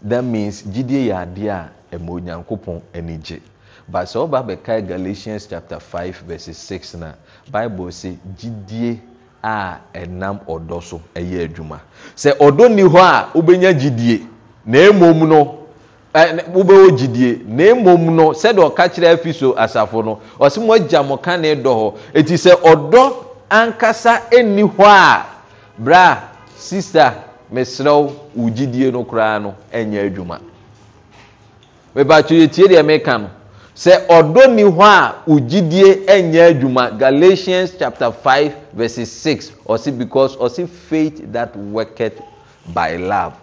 that means gyidie yɛ adeɛ a ɛma onyankopɔn ani gye but sɛ ɔba bɛkae galatians chapter five verse six na bible sɛ gyidie a ɛnam ɔdɔ so ɛyɛ adwuma sɛ ɔdɔ ni hɔ a wobɛnya gyidie na emom no wobɛwɔ gyidie na emom no sɛdeɛ ɔka kyerɛ afi so asafo no ɔsɛ mo agya mo ka dɔ hɔ eti sɛ ɔdɔ ankasa ɛni hɔ a bra sista mesrɛ wo wo gyidie no koraa no ɛnyɛ adwuma mebɛkyerɛtie deɛ meka no sɛ ɔdɔ ni hɔ a wo ɛnyɛ adwuma galatians chapter 5 verse 6 ɔse because ɔse faith that worketh by love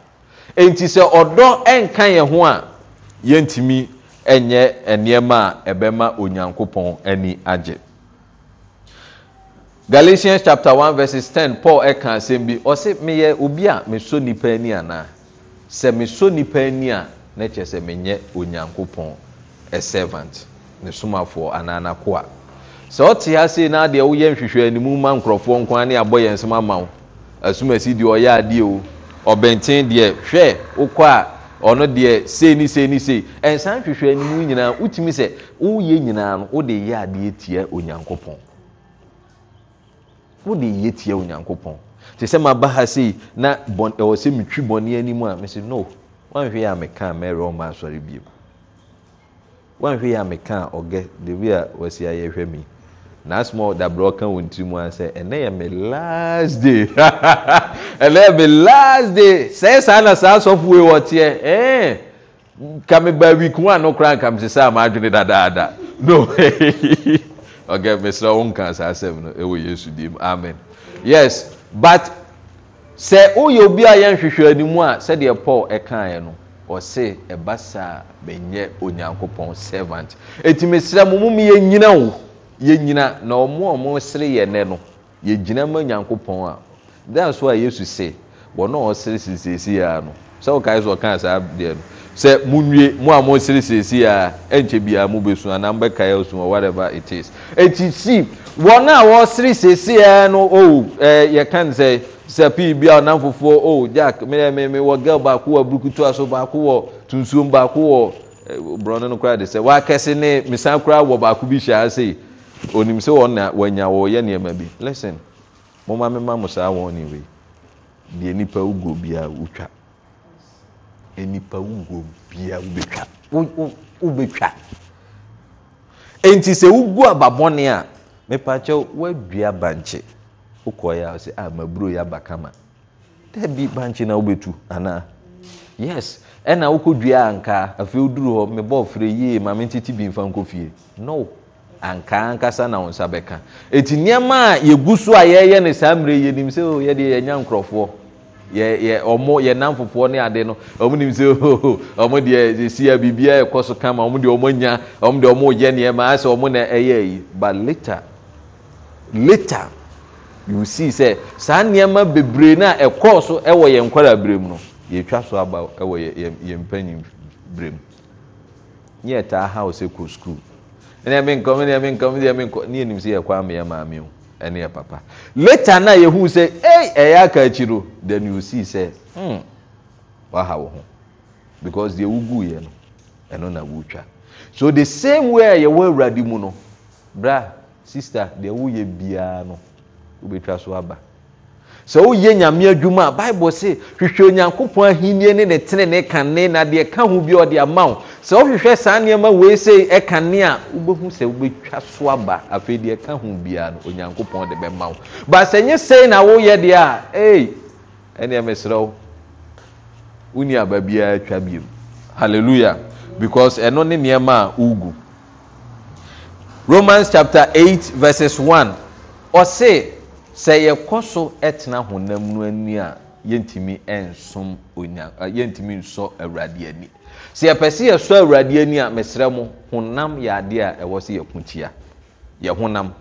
enti sɛ ɔdɔ ɛnka yɛn ho a yɛntumi ɛnyɛ nnoɔma a ɛbɛma onyankopɔn ani agye galatians chapter one verses ten. paul ɛka asɛm bi ɔse meyɛ obi a mesɔ nnipa ani anaa sɛ mesɔ nnipa ani a na kyerɛ sɛ menyɛ onyankopɔn servant ne somafoɔ anaa nako a sɛ ɔte ha sei na adeɛ woyɛ nhwehwɛ animu ma nkurɔfoɔ nko a ne abɔ yɛ nsɛm ama wo asumasi deɛ ɔyɛ adeɛ o ɔbɛnten deɛ hwɛ wokɔ a ɔno deɛ sei ne sei ne sei ɛnsan nhwehwɛ animu nyinaa wotumi sɛ woyɛ nyinaa no wode yɛ adeɛ tia onyankopɔn wode yɛ tia onyankopɔn nti sɛ maba ha sei na ɛwɔ sɛ metwi bɔne anim a mese no wanhwɛ yɛ a mekaa mɛrɛ ɔma asɔre bio wanhwɛ yɛ a mekaa ɔgɛ debi a wɔsi ayɛhwɛ mi na asoma dabrɛ ɔka wɔn tiri mu asɛ ɛnɛ yɛ me last day ɛnɛ (laughs) yɛ me last day sɛɛ saa na saa asɔfo yi wɔteɛ ɛɛn eh, kame ba kun wa no koraa nkam sisa a ma adwene dadaada no. (laughs) ɔkɛ mesra wo sa saa asɛm no ɛwɔ yesu dim amen yes but sɛ woyɛ obi a yɛnhwehwɛ animu a sɛdeɛ paul ɛkaeɛ no ɔse ɛba saa bɛnyɛ onyankopɔn servant ɛti mesrɛ mo mom yɛnyina wo yɛnyina na ɔmo a ɔmo sere yɛ nɛ no yɛgyina ma nyankopɔn a that's why yesu se wɔn a ɔsere sisiesie a ano sɛ wokae sɛ ɔkaa saa deɛ no sɛ munwie mu a mo sirisirisi a ɛnkyɛ bia mo bɛ sun anam bɛka yɛ sun or whatever it is eti si wɔn a wɔsirisirisi yɛ no o oh, ɛɛ yɛka no sɛ sɛ pii bi a ɔnam fufuo o oh, jack mìíràn mìíràn wɔ girl baako wɔ burukutu so baako wɔ tuntum baako wɔ borɔno no koraa de sɛ wakɛse ne misan koraa wɔ baako bi hyɛ ase onim sɛ wɔn na wɔnya wɔyɛ nneɛma bi listen mo ma mi ma mo saa wɔn ni wei deɛ nipa ugo bi a wotwa nipa wuguo bia wobɛtwa wobɛtwa enti sɛ wogu ababɔne a mepakyɛw woadua bankye wokɔeɛ a sɛ a ah, maburo yɛ aba kama dabi bankye na wobɛtu anaa yes ɛna wokɔdua ankaa afei woduru hɔ mebɔɔfrɛ yie ma mentete bi mfa nkɔ fie no ankaa ankasa na wo nsa bɛka ɛnti nneɛma a yɛgu so a yɛyɛ no saa mmerɛ yɛnim sɛ oh, yɛdeɛ yɛanya nkurɔfoɔ yɛ ɔmo yɛ nam fofoɔ ne ade no ɔmo nim sɛ hoho oh, ɔmo oh. deɛ si a ɛkɔ so kama ɔmo deɛ ɔmo nya ɔmo deɛ ɔmo yɛ nneɛma asɛ ɔmo na ɛyɛ eh, yi but later later you see sɛ saa nneɛma bebree na ɛkɔɔ so ɛwɔ yɛn nkwadaa bere mu no yɛtwa so aba ɛwɔ yɛn yɛn mpanyin bere mu nyɛ taa ha ɔsɛ kɔ sukuu ɛnna yɛ mi nkɔm ɛnna yɛ nkɔm ɛnna yɛ mi nkɔ ne yɛ nim sɛ yɛ kɔ ama yɛ maame ɛne yɛ papa later na yɛhuu sɛ ɛyɛ aka akyiro then you see sɛ hmm, waha wo ho because deɛ woguiɛ no ɛno na wotwa so the same way a yɛwɔ awurade mu no bra sister deɛ woyɛ biara no wobɛtwa so aba sɛ woyɛ nyame adwuma a bible se hwehwɛ onyankopɔn ahennie ne ne tene ne kane na ka ho ɔde ama wo sɛ wohwehwɛ saa nnoɔma wei sei ɛka ne a wobɛhu sɛ wobɛtwa so aba afei deɛ ɛka ho biaa no onyankopɔn de bɛma wo ba sɛ nyɛ sei na woyɛ deɛ a ei ɛneɛ mesrɛ wo wonni aba biara twa biom halleluya because ɛno ne nnoɔma a wogu romans chapter 8 verses 1 ɔse sɛ yɛkɔ so ɛtena honam no ani a yɛntumi nsɔ awurade ani sɛ yɛpɛ sɛ yɛsɔ awurade ani a mesrɛ mo honam yɛ adeɛ a ɛwɔ sɛ yɛko tia yɛ honam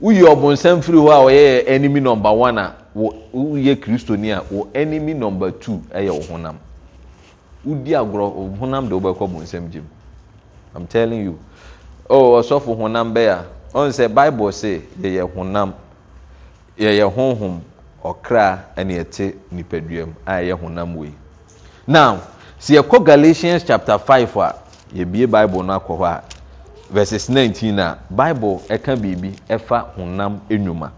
woyɛ ɔbonsam firi hɔ a ɔyɛ yɛ enemy number one a woyɛ kristoni a wo enemy number two ɛyɛ wo honam wodi agorɔ honam de wobɛkɔ bonsam gyem i'm telling you oh ɔsɔfo honam bɛyɛ ɔn sɛ bible sɛ yɛyɛ honam yɛyɛ honhom ɔkra ɛne yɛte nipadua mu a ɛyɛ honam wei now sɛ yɛkɔ galatians chapter five a yɛbie bible e e e no akɔ hɔ a verses nineteen a bible ɛka biribi ɛfa honam nnwuma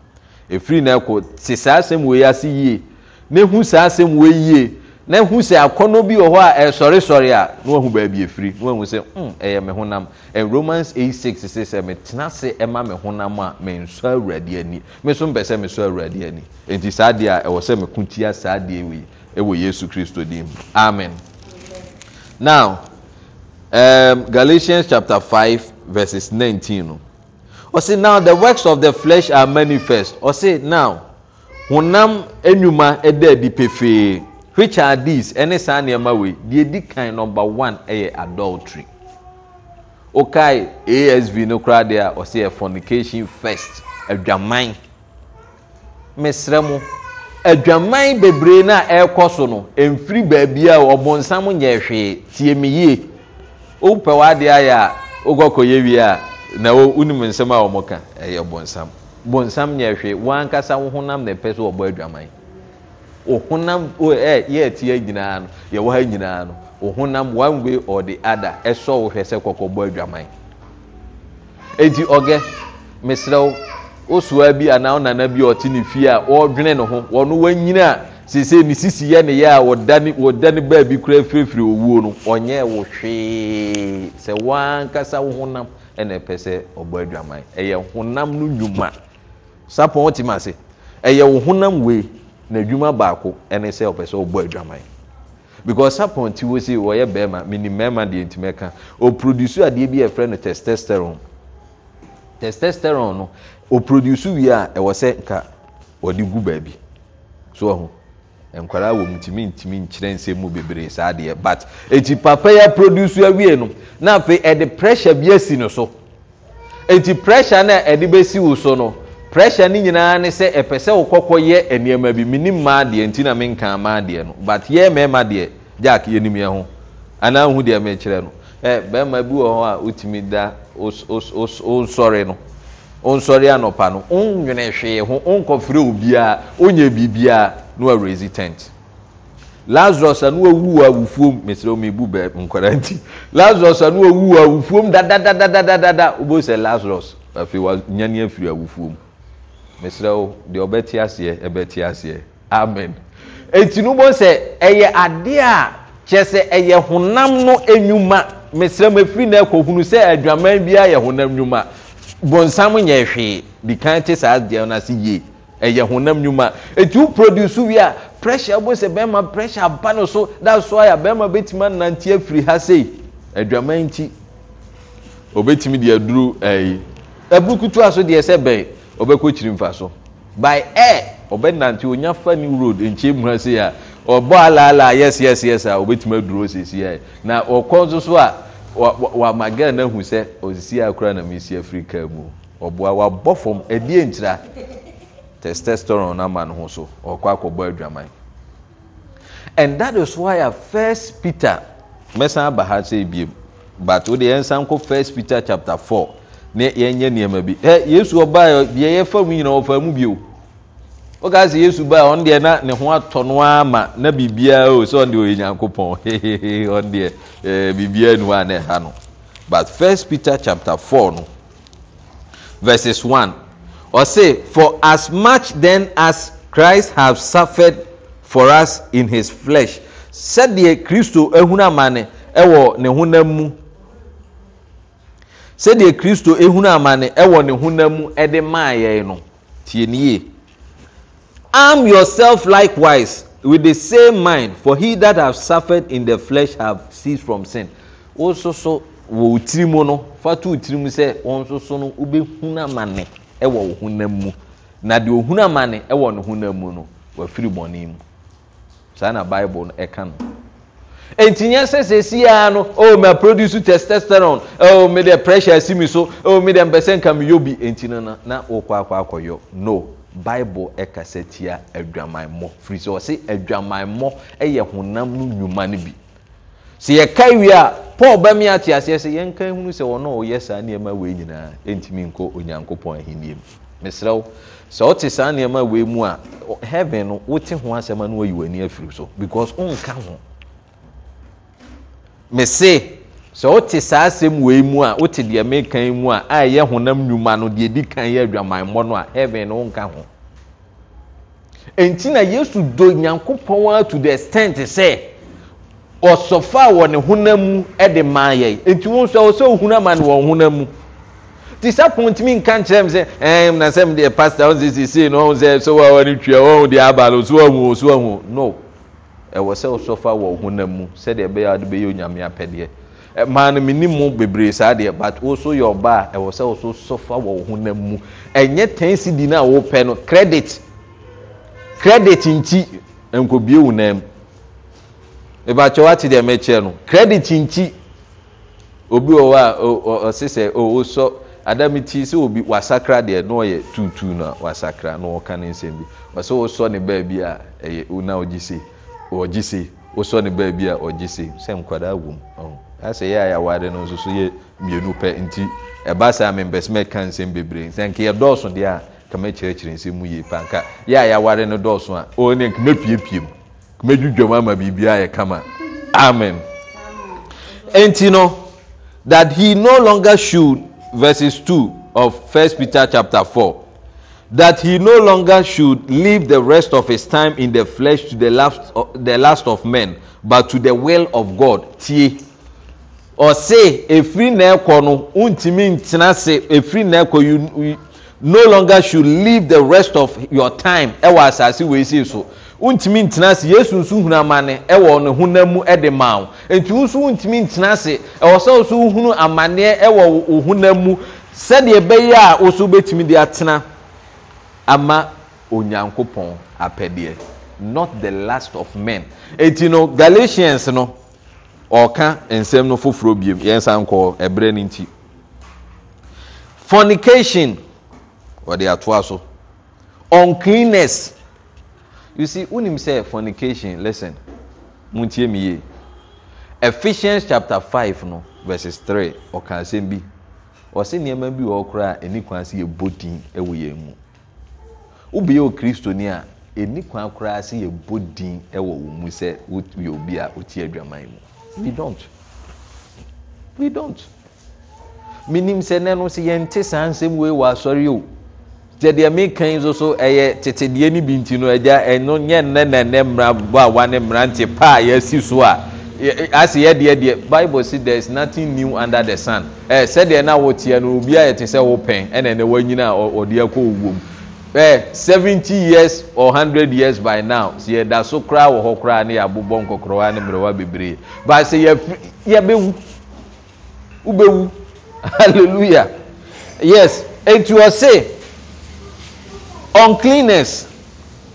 ɛfiri no ɛkɔ te saa asɛm wei ase yie na hu saa asɛm wei yie na hu sɛ akɔnnɔ bi wɔ hɔ a ɛsɔresɔre a na wahu baabi ɛfiri na wahu sɛ hmm, ɛyɛ me honam and romans 86 sɛ sɛ metena se ɛma me honam a mensɔ awurade ani me so mpɛ sɛ mesɔ awurade ani enti saa deɛ a ɛwɔ sɛ meko tia saa deɛ wei yesu kristo din amen now um, galatians chapter five verses nineteen no ɔsi now the works of the flesh are manifest ɔsi now honam enuma ede adi pefee which are these ɛne saa nneɛma wei deɛ di kan number one ɛyɛ adultery Okai, asv no koraa deɛ a ɔsi yɛ fornication first adwaman mesrɛ mo. adwaman bebree na a ɛrekɔ so no mfiri baabi a ɔbonsam nyɛ hwee tie me yie wopɛ w'adeɛ ayɛ a wokɔkɔyɛ wie a na wonim nsɛm a wɔmɔ ka ɛyɛ bonsam bonsam nyɛ hwee woankasa wo honam na ɛpɛ sɛ ɔbɔ adwaman wo ɛ yɛ atia nyinaa no yɛwɔ ha nyinaa no wo honam one way or the other ɛsɔ wo hwɛ sɛ kɔkɔbɔ adwaman enti ɔgɛ mesrɛ osoa bi anaa ɔnana bi a ɔte ne fie a ɔredwene ne ho ɔno wanyini sese ne sisi yɛ ne yɛ a wɔda ne wɔda ne baabi kura firifiri owuo no ɔnyɛ wo hwee sɛ wankasa wo honam ɛna ɛpɛ sɛ ɔbɔ adwaman ɛyɛ honam no dwuma sapɔn ɔte ma se ɛyɛ honam wei na adwuma baako ɛne sɛ ɔpɛ sɛ ɔbɔ adwaman because sapɔn ti wo se wɔyɛ bɛrima minim mɛrima deɛ ntoma ka oproduce adeɛ bi yɛ fɛ no testosterone testosterone no ɔproduce wie a ɛwɔ sɛ nka ɔde gu baabi so ɔho nkwaraa wɔ mtumi ntumi nkyerɛ nsɛm mu bebree saa deɛ but eti papa yi aproduce awie no na afei ɛde pressure bi asi no so ɛnti pressure no ɛde bɛsi wo so no pressure no nyinaa ne sɛ ɛpɛ sɛ ɔkɔkɔ yɛ nneɛma bi menim maa deɛ nti na menka maa deɛ no but yɛ mɛɛma deɛ jack yɛnim yɛ ho anaa wohu deɛ mekyerɛ no bɛɛma bi wɔ hɔ a wotumi da wonsɔre no ɔnsɔre anɔpa no ɔnwene hwee ho ɔnkɔfrɛ obiara ɔnyɛ biribiara na ɔrezi tent lazarus a no wawu awufuom mesrɛ mi bu bɛ nkɔla nti lazarus a no wawu awufuom dadadadadadada wobɛhu sɛ lazarus afei wanyane afiri awufuom mesrɛ wo deɛ ɔbɛte aseɛ ɛbɛte aseɛ amen eti no bɔ sɛ ɛyɛ adeɛ a kyɛ sɛ ɛyɛ honam no enwuma mesrɛ mo efiri na ɛkɔ hunu sɛ adwaman biara yɛ honam nwuma bonsam nyɛ hwee di kan te saa deɛ no ase yie ɛyɛ honam nnwuma eti produce wie a pressure bɔ sɛ bɛrima pressure ba no so that's why a bɛrima bɛtumi anante afiri ha sei adwaman nti obɛtumi de aduru ɛyi ebu kutuwa so deɛ sɛ bɛn ɔbɛkɔ kyiri nfa so by air ɔbɛnante onya fani road nkyɛn mu ha sei a ɔbɔ alaala yes yes yes a obɛtumi aduru osiesie na ɔkɔ nso so a. wa wa wama ghana hu sɛ ɔsisi a koraa na mesi africa mu ɔboa wabɔ fam adie nkyira testosterone nama ne ho so ɔkɔ akɔbɔ adwaman and that is why first peter mɛsan aba ha sɛ ebiem but o de yɛn nsan kɔ first peter chapter four ne yɛn nyɛ nneɛma bi ɛ yesu ɔbaa yɛ deɛ fam mu nyinaa ɔfa mu bi o. woka sɛ yesu baa ɔn deɛ na ne ho atɔ no ama na biribiaa o sɛ ɔndeɛ ɔyɛ nyankopɔn (laughs) ɔn deɛ eh, biribiaa nu a na ɛha no but first peter chapter four, no verses 1 ɔse for as much then as christ have suffered for us in his flesh sɛdeɛ kristo ahunu amane ɛwɔ ne honam mu sɛdeɛ kristo ahunu amane ɛwɔ ne honam mu ɛde maa yɛn no tie nie arm yourself likewise with the same mind for he that hae suffered in the flesh hae ceased from sin wosso tirimu nofatotirimu sɛnwobɛunmanɔomunadun aɔomufiriɔnesanaiblentinnea sɛ sɛsiara nomaproduo testesteronmedeɛ pressure sim somdeɛmpɛsɛnkamybinnɔa oh, bible ɛkasa tia adwamanmmɔ firi sɛ ɔse adwamanmmɔ yɛ honam no nnwuma no bi sɛ yɛka wie a paul bɛme ate aseɛ sɛ yɛnka hunu sɛ a ɔyɛ saa nneɛma wei nyinaa ɛntumi nkɔ onyankopɔn ahenniɛ mu mesrɛ wo sɛ wote saa nneɛma wei mu a heaven no wote ho asɛm a no wayi w'ani afiri so because wonka ho me sɛ wote saa asɛm wei mu a wote deɛ mekan mu a a ɛyɛ honam nnwuma no deɛ di kan yɛ adwamanmmɔ no a heaven no wonka ho ɛnti na yesu do nyankopɔn a to the extent sɛ ɔsɔfaa wɔ ne honam mu de maa yɛi ɛnti wo so a wo ama no wɔ honam mu nti saa pono ntumi nka nkyerɛ me sɛ ɛm na sɛm deɛ pastor wo sesesei no ɔhu sɛ sɛ woa wɔne twia wɔhu deɛ aba no so wahu so wahu no ɛwɔ sɛ wosɔfa wɔ honam mu sɛdeɛ ɛbɛyɛ wode bɛyɛ onyame apɛdeɛ maa no menim mu bebree saa deɛ but wo so yɛ ɔba a ɛwɔ sɛ wo so wɔ wo honam mu ɛnyɛ ten cd no wopɛ no credit credit nti nkɔbie wo nam ɛbakyɛ wate deɛ mɛkyerɛ no credit nti obi wɔ hɔ a ɔse sɛ ɔsɔ adame ti sɛ obi wasakra deɛ na ɔyɛ tuutuu no a wasakra na ɔka ne nsɛm bi ɔsɛ wosɔ ne baabi a ɛyɛ ona ɔgye se ɔgye se wosɔ ne baabi a ɔgye se sɛ nkwadaa wom ɔn asɛ yɛ ayɛaware no nso so yɛ mmienu pɛ nti ɛba saa membɛsmɛ ka nsɛm bebree sɛ nka yɛdɔɔso deɛ a kamakyerɛkyerɛ nsɛm mu yie pa nka yɛ ayɛaware no dɔɔso a ɔne nkamɛpiepiem kamɛdwudwam ama biribiaa yɛ kama amen enti no that he no longer should verses two of First Peter chapter four, that he no longer should live the rest of his time in the flesh to the last of, the last of men but to the will of God tie ɔse efiri na ɛkɔ no ntumi ntena se efiri na ɛkɔ you you no longer should leave the rest of your time ɛwɔ asase wei si so ntumi ntena se yesu nso hunu amane ɛwɔ ne ho na mu ɛde ma wo nti nso ntumi ntena se ɛwɔ sɛ nso hunu amaneɛ ɛwɔ wo ho mu sɛdeɛ ɛbɛyɛ a nso bɛtumi de atena ama onyankopɔn apɛdeɛ not the last of men eti no galatians no ɔka nsɛm no foforɔ biom yɛnsa nkɔɔ ɛberɛ no nti fornication wɔde atoa so uncleanness you see wonim sɛ fornication listen montie mi yie Ephesians chapter five no verses three ɔka asɛm bi ɔsɛ nneɛma bi wɔ kora a ɛni kwan sɛ yɛbɔ din wɔ yɛn mu wobɛyɛ o kristoni a ɛni kwan koraa sɛ yɛbɔ din wɔ wɔn mu sɛ woyɛ obi a wotie adwaman mu we don't we don't Minim sɛ nɛ e no sɛ yɛnte saa nsɛm wei wɔ asɔre o sɛ deɛ meka yi so ɛyɛ tetedeɛ no bi nti no agya ɛno nyɛ nnɛ nɛnɛ mmara bɔ a wa ne mmerante pa a yɛasi so a ase yɛdeɛ deɛ bible say there is nothing new under the sun ɛɛ e, sɛdeɛ na wɔteɛ no obi a yɛte sɛ wɔpɛn ɛna e ɛna wɔanyina a ɔde akɔ owuom 70 years ɔ 100 years by now sɛ yɛda so koraa wɔ hɔ koraa ne yɛ abobɔ nkɔkɔrɔwɔa ne mmerɛwa bebree bat sɛ yɛbɛwu wobɛwu (laughs) alleluya yes ɛnti ɔ se ɔncleanness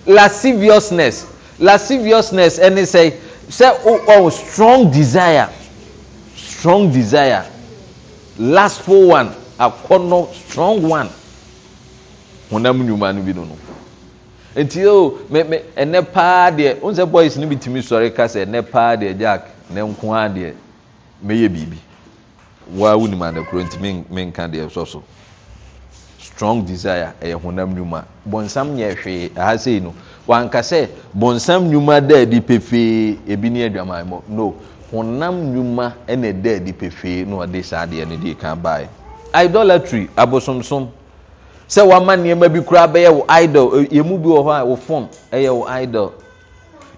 lasciviousness lasciviousness ɛne sɛ sɛ strong desire strong desire last f one akɔ nɔ strong one honam nnwuma no bi no no nti o oh, ɛnɛ paa deɛ n sɛ boys no bi tumi sɔre ka sɛ ɛnɛ paa deɛ jack ne nko ara deɛ mɛyɛ biribi waa wunim anakoro nti menka deɛ sɔ so strong desire ɛyɛ honam nnwuma bɔnsam yɛ hwee aha sei no wanka sɛ bɔnsam nnwuma da adi pefee ebi ne adwamanmɔ no honam nnwuma ɛna da adi pefee na ɔde saa deɛ no de ka baeɛ idolatry abosomsom sɛ wama nneɛma bi koraa bɛyɛ wo idol eh, yɛmu bi wɔ hɔ a wo fom ɛyɛ wo idol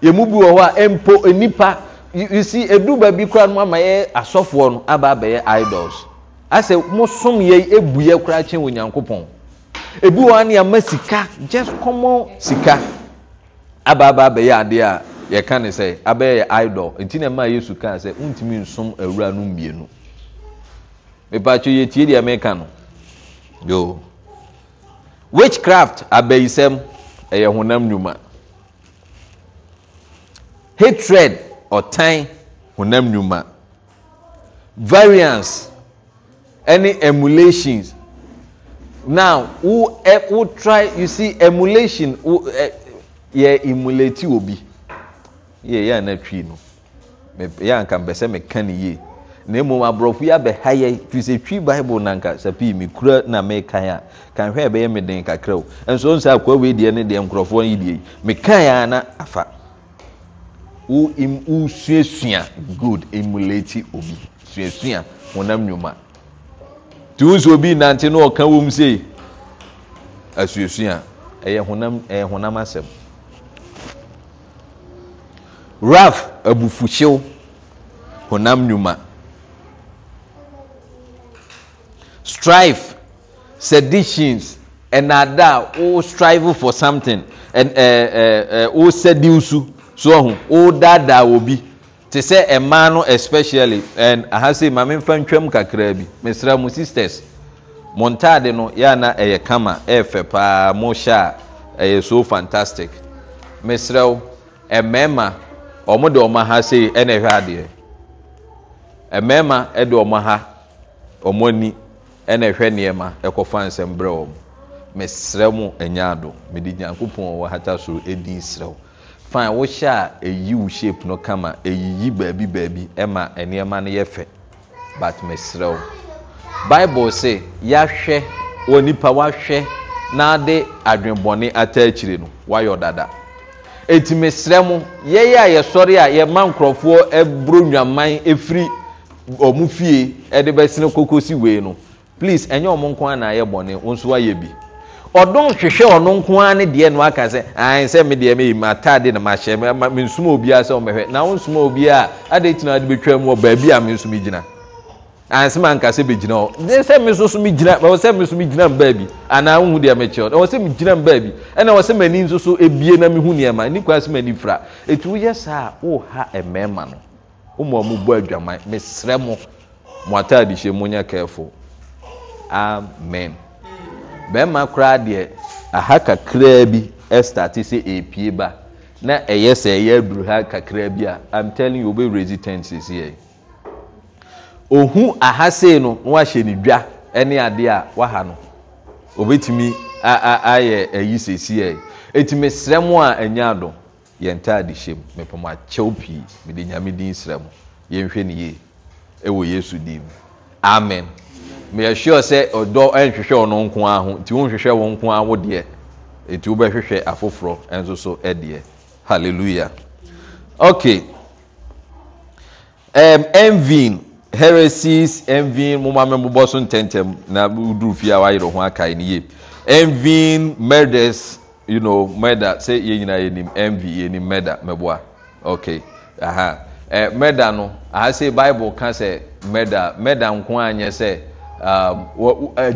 yɛmu bi wɔ hɔ a mpo nipa you see edu baabi koraa no ama yɛ asɔfoɔ no aba abɛyɛ idols asɛ mo som yɛ ebu yɛ koraa kyɛn wɔ nyankopɔn ebi wɔ ani ama sika just kɔmɔ sika aba aba abɛyɛ adeɛ a yɛka ne sɛ abɛyɛ idol nti na mmaa yesu kaa sɛ ntumi nsom awura no mmienu mipatwo yɛ tie deɛ meka no yoo witchcraft abayisɛm ɛyɛ honam nnwuma hatred ɔtan honam nnwuma variance ɛne emulations now wo ɛ wo try you see emulation wo ɛ yɛ emulate obi yɛ yɛ anatwi no yɛ anka mpɛ sɛ mɛka ne yie. moaborɔfoyiabɛha yɛ tisɛtwi bible nankasapiimekra namekae a kan hwɛ bɛyɛ meden kakraoɛssakadeɛnrɔfoɔ me kae ar na afa wosuasuag mlt uhowua nti wosubirantene ɔka wɔm sei asuasyɛ honam aɛm raf abufuhye hoam nwuma strife seditions ɛnaada a wo strive for something ɛn ɛɛ eh, ɛɛ eh, wo eh, sediwsu so ɔho wo daadaa obi te sɛ ɛmaa no especially ɛn ahase maame nfa ntwam kakraa bi mesra mu sisters mo ntaade no yana ɛyɛ kama ɛɛfɛ paa mo hyɛ a ɛyɛ so fantastic mesra wo ɛmɛɛma ɔmo de ɔmo ahase ɛna ɛhwɛ adeɛ ɛmɛɛma ɛde ɔmo aha ɔmo ani ɛna ɛhwɛ nneɛma ɛkɔfa nsɛm brɛ wɔn mesrɛ mu ɛnyaado mede nyankopɔn wɔ hata soro ɛdi e srɛw fine wohyɛ a ɛyi e wo shape no kama ɛyiyi e baabi baabi ɛma nneɛma no yɛ fɛ but mesrɛ wo bible se yɛahwɛ wɔ nipa wahwɛ na de adwenbɔne ata akyire no wayɔ dada ɛti mesrɛ mu yɛyɛ a yɛsɔre a yɛma nkurɔfoɔ ɛboro nnwaman ɛfiri ɔmo fie ɛde bɛsene kokosi wei no please ɛnyɛ ɔmo nko ara na ayɛ bɔnne nso ayɛ bi ɔdɔn hwehwɛ ɔno nko ara ne deɛ no aka sɛ ayi sɛ mi deɛ mi ma ataade na ma hyɛ ma mi nsuma obi asɛ ɔmo hwɛ na nsuma obi a adi tina adi betwa mu wɔ baabi a mi nso mi gyina ayi ah, sɛ ma nka sɛ bɛgyina hɔ ne sɛ mi nso so mi gyina ɔwɔ sɛ mi nso mi gyina mu baabi anaa ohun deɛ mi kyerɛ ɔwɔ sɛ mi gyina mu baabi ɛna ɔwɔ sɛ ma ni nso so ebie na mi hu nneɛma ne kura sɛ ma ni fira etu yɛ saa o ha mmarima no ɔmo a ɔmo bɔ adwaman mesrɛ mo mo ataade hyɛ mo nya careful amen bɛrima koraa deɛ aha kakraa bi ɛstate sɛ pie ba na ɛyɛ sɛ ɛyɛ duru ha kakraa bi a i'm telling you wobɛwura zi ten sisi yɛ ohu aha sei no na wahyɛ ne dwa ɛne ade a waha no obɛtumi ayɛ ɛyi sisi yɛ ɛtumi a ɛnya do, yɛ ntaade hyɛ mu mepam akyɛw pii mede nyame din srɛ yɛnhwɛ ne yie ɛwɔ yesu dim amen. meyɛhyeɛ sɛ ɔdɔ nhwehwɛ ɔno nko a ho nti wonhwehwɛ wo nko a wo deɛ ɛti wobɛhwehwɛ afoforɔ nso so deɛ ok so ntɛmtɛm na a ho akae yie murders you know murder sɛ yɛn nyinaa murder mɛboa aha murder no Um,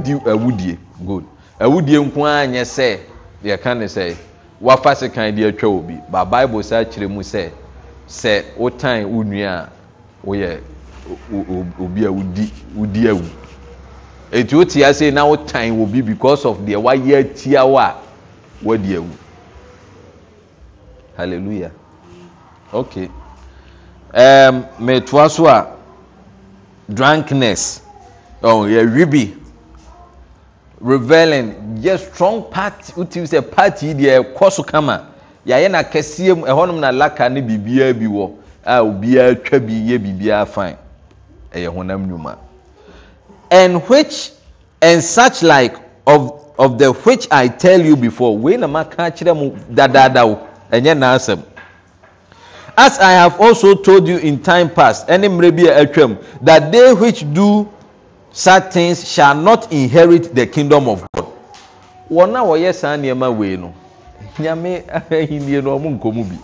di awudie good awudie nko ara nyɛ sɛ yɛka ne sɛ wafa sekan de atwa obi ba bible saa kyerɛ mu sɛ sɛ wotan wo nua a woyɛ obi a wodi wodi awu etu o tia se na wotan wo bi because of deɛ wayɛ atia wo a wadi awu hallelujah okay um, metoa so a drunkenness. Oh, yi eh, eh, bi ren yɛ strong partwotisɛ partyi ah, deɛ kɔ so kama yɛayɛ no kɛseɛmu hɔm nalaka ne biribiaa bi wɔ obiaa twa bi yɛ biribiaa faiyɛhmnwuma eh, n suchlike of the which i tel you before einamka akyerɛ mu dadaadayɛnasɛm as i hae also told you in time past ɛne mmerɛ bi a atwamu tha day which do such things shall not inherit the kingdom of God. Wɔn a wɔyɛ saa nneɛma wee no, nyame ahinie no ɔmo nkɔmu bi.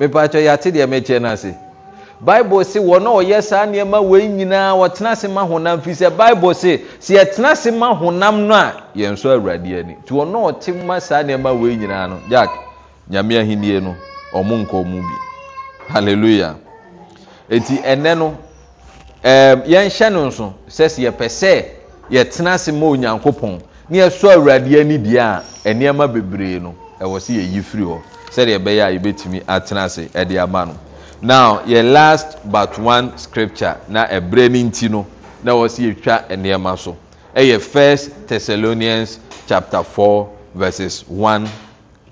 Mepatwa yate deɛ mɛkyɛ n'ase. Baịbụl sị wɔn a wɔyɛ saa nneɛma wee nyinaa wɔtena ase ma honam fi sɛ Bible sị sɛ yɛtena ase ma honam na a yɛn nso awurade ani. Nti wɔn a wɔte ma saa nneɛma wee nyinaa no, Jack, nyame ahinie no ɔmo nkɔmu bi. Hallelujah. Eti ɛnɛ no. yɛnhyɛ no nso sɛ sɛ yɛpɛ sɛ yɛtena ase ma onyankopɔn ne yɛsɔ awurade ani deɛ a nnoɔma bebree no ɛwɔ sɛ yɛyi firi hɔ sɛdeɛ ɛbɛyɛ a yɛbɛtumi atena ase ɛde ama no now yɛ last but one scripture na ɛberɛ no nti no na ɛwɔ sɛ yɛtwa nnoɔma so ɛyɛ first thessalonians chapter four verses one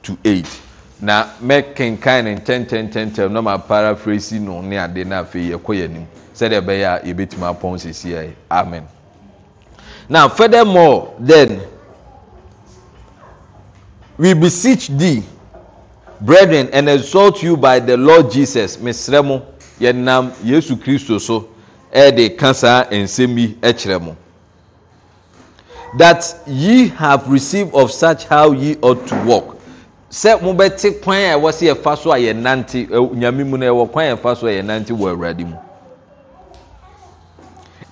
to eight. na mɛkenkan no ntɛmtɛmtɛmtɛm na maparaphrase no ne ade no afei yɛkɔ yɛanim sɛdeɛ ɛbɛyɛ a yɛbɛtumi apɔn sesiae amen now furthermore then we beseech thee brethren and exalt you by the lord jesus mesrɛ mo yɛnam yesu kristo so ɛde ka saa nsɛm yi kyerɛ mo that ye have received of such how ye ought to walk sɛ mobɛte kwan a ɛwɔ sɛ yɛfa so a yɛ nyame mu no ɛwɔ kwan a so a wɔ awurade mu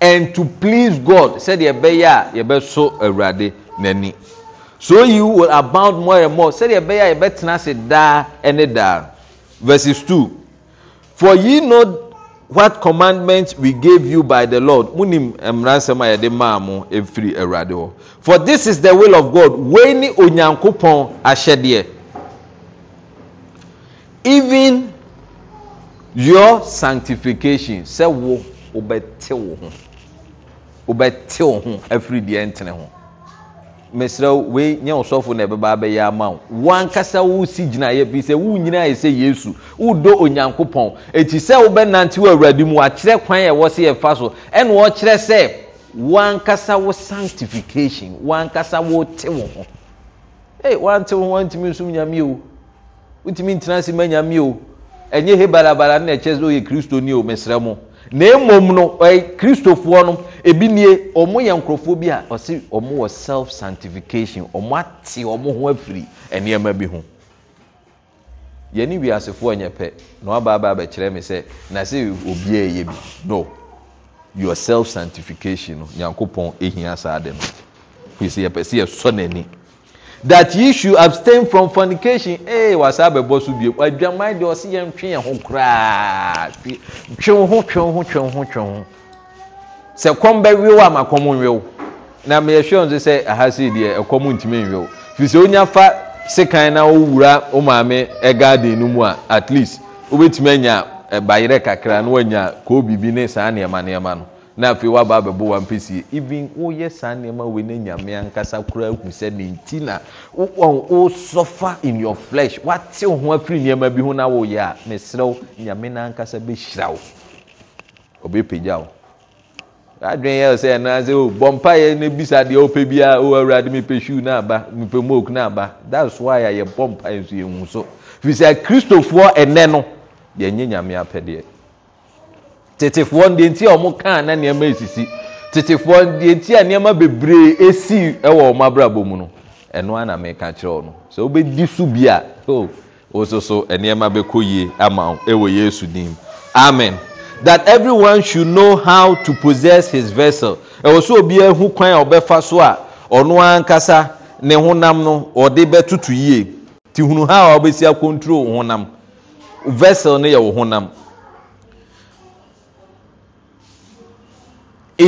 and to please god sɛdeɛ ɛbɛyɛ a yɛbɛso awurade n'ani so you will abound more and more sɛdeɛ ɛbɛyɛ a yɛbɛtena ase daa ɛne daa verses two for ye know what commandment we gave you by the lord a yɛde maa mo efiri awurade hɔ for this is the will of god wei ni onyankopɔn ahyɛdeɛ. even your sanctification sɛ wo wobɛte wo ho wobɛte wo ho afiri deɛ ntene ho mesrɛ wei nyɛ wo sɔfo na ɛbɛba abɛyɛ ama wo wankasa wosi gyinaeɛ bi sɛ wonyinaayɛ sɛ yesu wodɔ onyankopɔn ɛti sɛ wobɛnante wo awurade mu wakyerɛ kwan ɛwɔ sɛ yɛfa so ɛne wɔkyerɛ sɛ wankasa wo sanctification wankasa wote wo ho wante wo ho antumi nsom nyame o wotumi ntena ase ma nyame o ɛnyɛ he barabara no na e, ɛkyɛ sɛ ɔyɛ kristoni o mesrɛ mo na mmom no ɔyɛ kristofoɔ no ebi nie ɔmo yɛ nkurɔfoɔ bi a ɔsi ɔmo wɔ self sanctification ɔmo ate ɔmo ho afiri nneɛma bi ho yɛne wiasefoɔ nyɛ pɛ na ɔba aba abɛkyerɛ mi sɛ na se obiara yɛ bi no your self sanctification no nyankopɔn ehia saa de no fi yɛ pɛ si yɛ sɔ n'ani that ye should abstain from fornication ee eh, wasa abɛbɔ so bie adwaman deɛ ɔsi yɛn ntwe yɛn ho koraa twe ho twe ho twe ho twe ho sɛ kɔm bɛwiw a ma kɔm nwiw na mɛ ɛhwɛ ɔn sɛ aha si deɛ ɛkɔm e ntumi nwiw fi sɛ onya fa sekan na owura ɔmaame ɛgarden e no mu a at least obetumi anya ɛbayerɛ e kakra na wanya koobi bi ne saa nneɛma nneɛma no. afei woababɛbɔapɛsie evewoyɛ saa nnoɔma win nyame ankasa kora ahu sɛ ne ntina wo sufa in your flesh watewo ho afiri nnoɔma bi hono woyɛ a mesrɛ wo nyame no ankasa bɛhyira wo ɔbɛpɛgyawo dwenɛsɛɛnsɛbɔmpaɛ oh, no bisadeɛ opɛ biaawradempɛwepɛmknaba thatsayɛ bɔmpaɛsoyɛhu so firi sɛ kristofoɔ ɛnɛ no yɛyɛ nyame apɛdeɛ tetefoɔ deɛnti a ɔmo kaa na nnoɔma ɛsisi tetefoɔ deɛnti a nnoɔma bebree ɛsii wɔ ɔma abrabɔ mu no ɛno anameka kyerɛ wo sɛ wobɛdi so bi a wo so so bɛkɔ yie ama wo ɛwɔ yesu dim amen that everyone should know how to possess his vessel ɛwɔ sɛ obiaa hu kwan a ɔbɛfa so a ɔno ankasa ne honam no ɔde bɛtoto yie nti ha a wobɛsi akontrol honam vessel no yɛ wo honam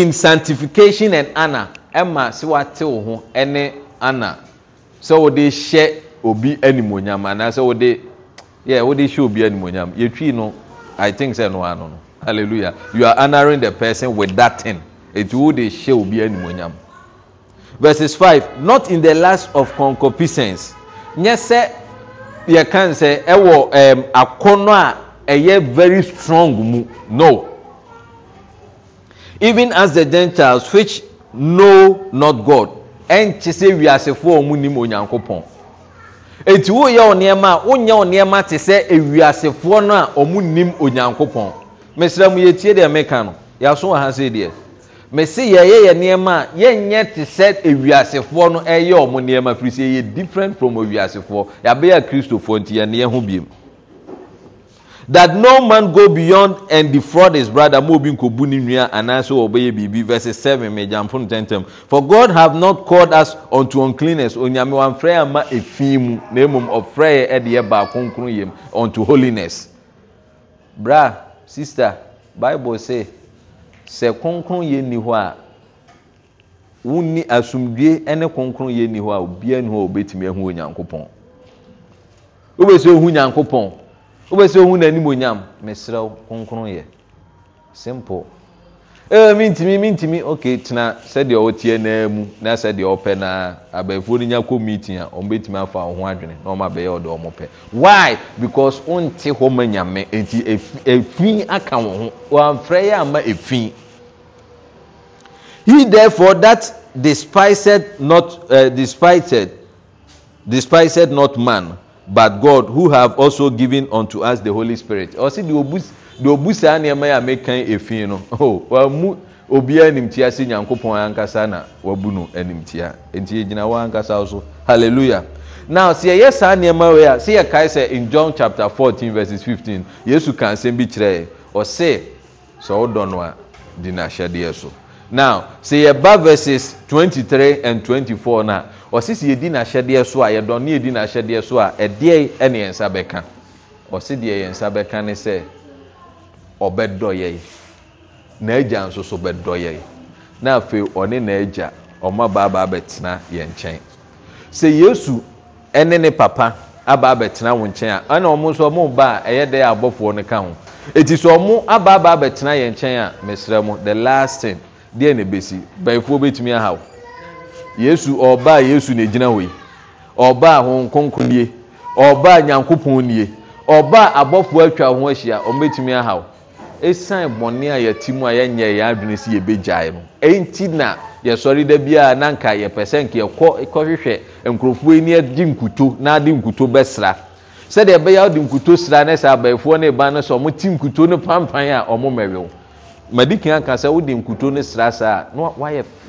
in sanctification and honor ɛma sɛ wate wo ho ɛne honor sɛ wode hyɛ obi animonyam anaasɛ wode yɛ wode hyɛ obi animonyam yɛtwi no i think sɛ no ano no hallelujah you are honoring the person with that thing etu wode hyɛ obi animonyam verses five not in the last of concupiscence nyɛ sɛ yɛ kan sɛ ɛwɔ ɛm um, akɔnɔ a ɛyɛ very strong mu no even as the gentiles which know not god ɛnkyɛ sɛ wiasefoɔ a wɔn nim onyankopɔn eti woyɛ ɔnneɛma a wonyɛ ɔnneɛma te sɛ ewiasefoɔ no a wɔn nim onyankopɔn mesra mu yɛtie deɛ meka no yɛaso wɔ ha sɛ deɛ mesi yɛyɛ yɛ nneɛma a yɛnyɛ te sɛ ewiasefoɔ no ɛyɛ wɔn nneɛma firi sɛ yɛ different from ewiasefoɔ yɛabɛyɛ kristofoɔ nti yɛn ho biem. a no man go beyond ande fraud is brather ma obinkɔbu no na anaasɛ wɔbɛyɛ biribi vs 7 meyamfono tɛntm for god has not cad us unto uncleanness onyamewmfrɛɛ a ma fii mu na mmom ɔfrɛɛ deɛba kronkrronyamu unto holiness bera sister bible sɛ sɛ kronkrnyɛ ni hɔ a wonni asomdwe ne kronknyɛni hɔ a bianh wɔbɛtumi ahuonyankopɔn wobɛsɛ hu nyankopɔn wobɛsɛ ohu noanimonyam mesrɛ wo kronkronyɛ simple eh, mentimi mentimi ok tena sɛdeɛ ɔwɔteɛ naa mu na sɛdeɛ ɔpɛ noa abayifoɔ no nya kɔ meeting a ɔmbɛtumi afa wo ho adwene na ɔmabɛyɛ ɔde ɔmɔ pɛ Why? because wonte hɔ ma nyame ɛnti ɛfi aka wo ho ɔamfrɛ yɛ ama ɛfi he therefore that despised not uh, despised despised not man but God who have also given unto us the Holy Spirit ɔsi de obu de obu saa nneɛma yi a mekan efin no (laughs) oh wɔmu obiara animtia si nyankopɔn ankasa na wabu no animtia nti gyina wɔn ankasa so hallelujah now sɛ yɛyɛ saa nneɛma wei a sɛ yɛ kae sɛ in John chapter fourteen verses fifteen Yesu ka nsɛm bi kyerɛ ɔsi sɛ ɔdɔ no a di n'ahyɛdeɛ so now sɛ yɛ ba verses twenty three and twenty four na ɔsi si yɛdi n'ahyɛdeɛ so a yɛdɔn ne yɛdi n'ahyɛdeɛ so a ɛdeɛ ɛne yɛn nsa bɛka ɔsi deɛ yɛn nsa bɛka ne sɛ ɔbɛdɔ yɛn n'agya nso so bɛdɔ yɛn na afei ɔne n'agya ɔmo abaaba abɛtena yɛn nkyɛn sɛ yesu ɛne ne papa aba abɛtena wɔn nkyɛn a ɛna ɔmo nso ɔmo ba a ɛyɛ dɛ abɔfoɔ no ka ho eti sɛ ɔmo abaaba abɛtena yɛn nkyɛn a mesrɛ mo the last thing deɛ na ebesi bɛnfoɔ betumi ahaw yesu ɔbaa yesu na egyina hɔ yi ɔbaa ahon konko nie ɔbaa nyankopɔn nie ɔbaa abɔfoɔ atwa ho ahyia wɔn bɛtumi ahaw esan bɔnne a yɛte mu a yɛnyɛ yɛn adwene si yɛbɛgyae no eti na yɛsɔre da bi a nanka yɛpɛ sɛ nka yɛkɔ kɔhwehwɛ nkurɔfoɔ ani agye nkuto na ade nkuto bɛsra sɛdeɛ ɛbɛyɛ ɔde nkuto sra ne sɛ abɛɛfoɔ ne ban no sɛ ɔmo ti nkuto no pampan a ɔmo mɛwɛw madi kan sɛ wode nkuto no sra saa na wayɛ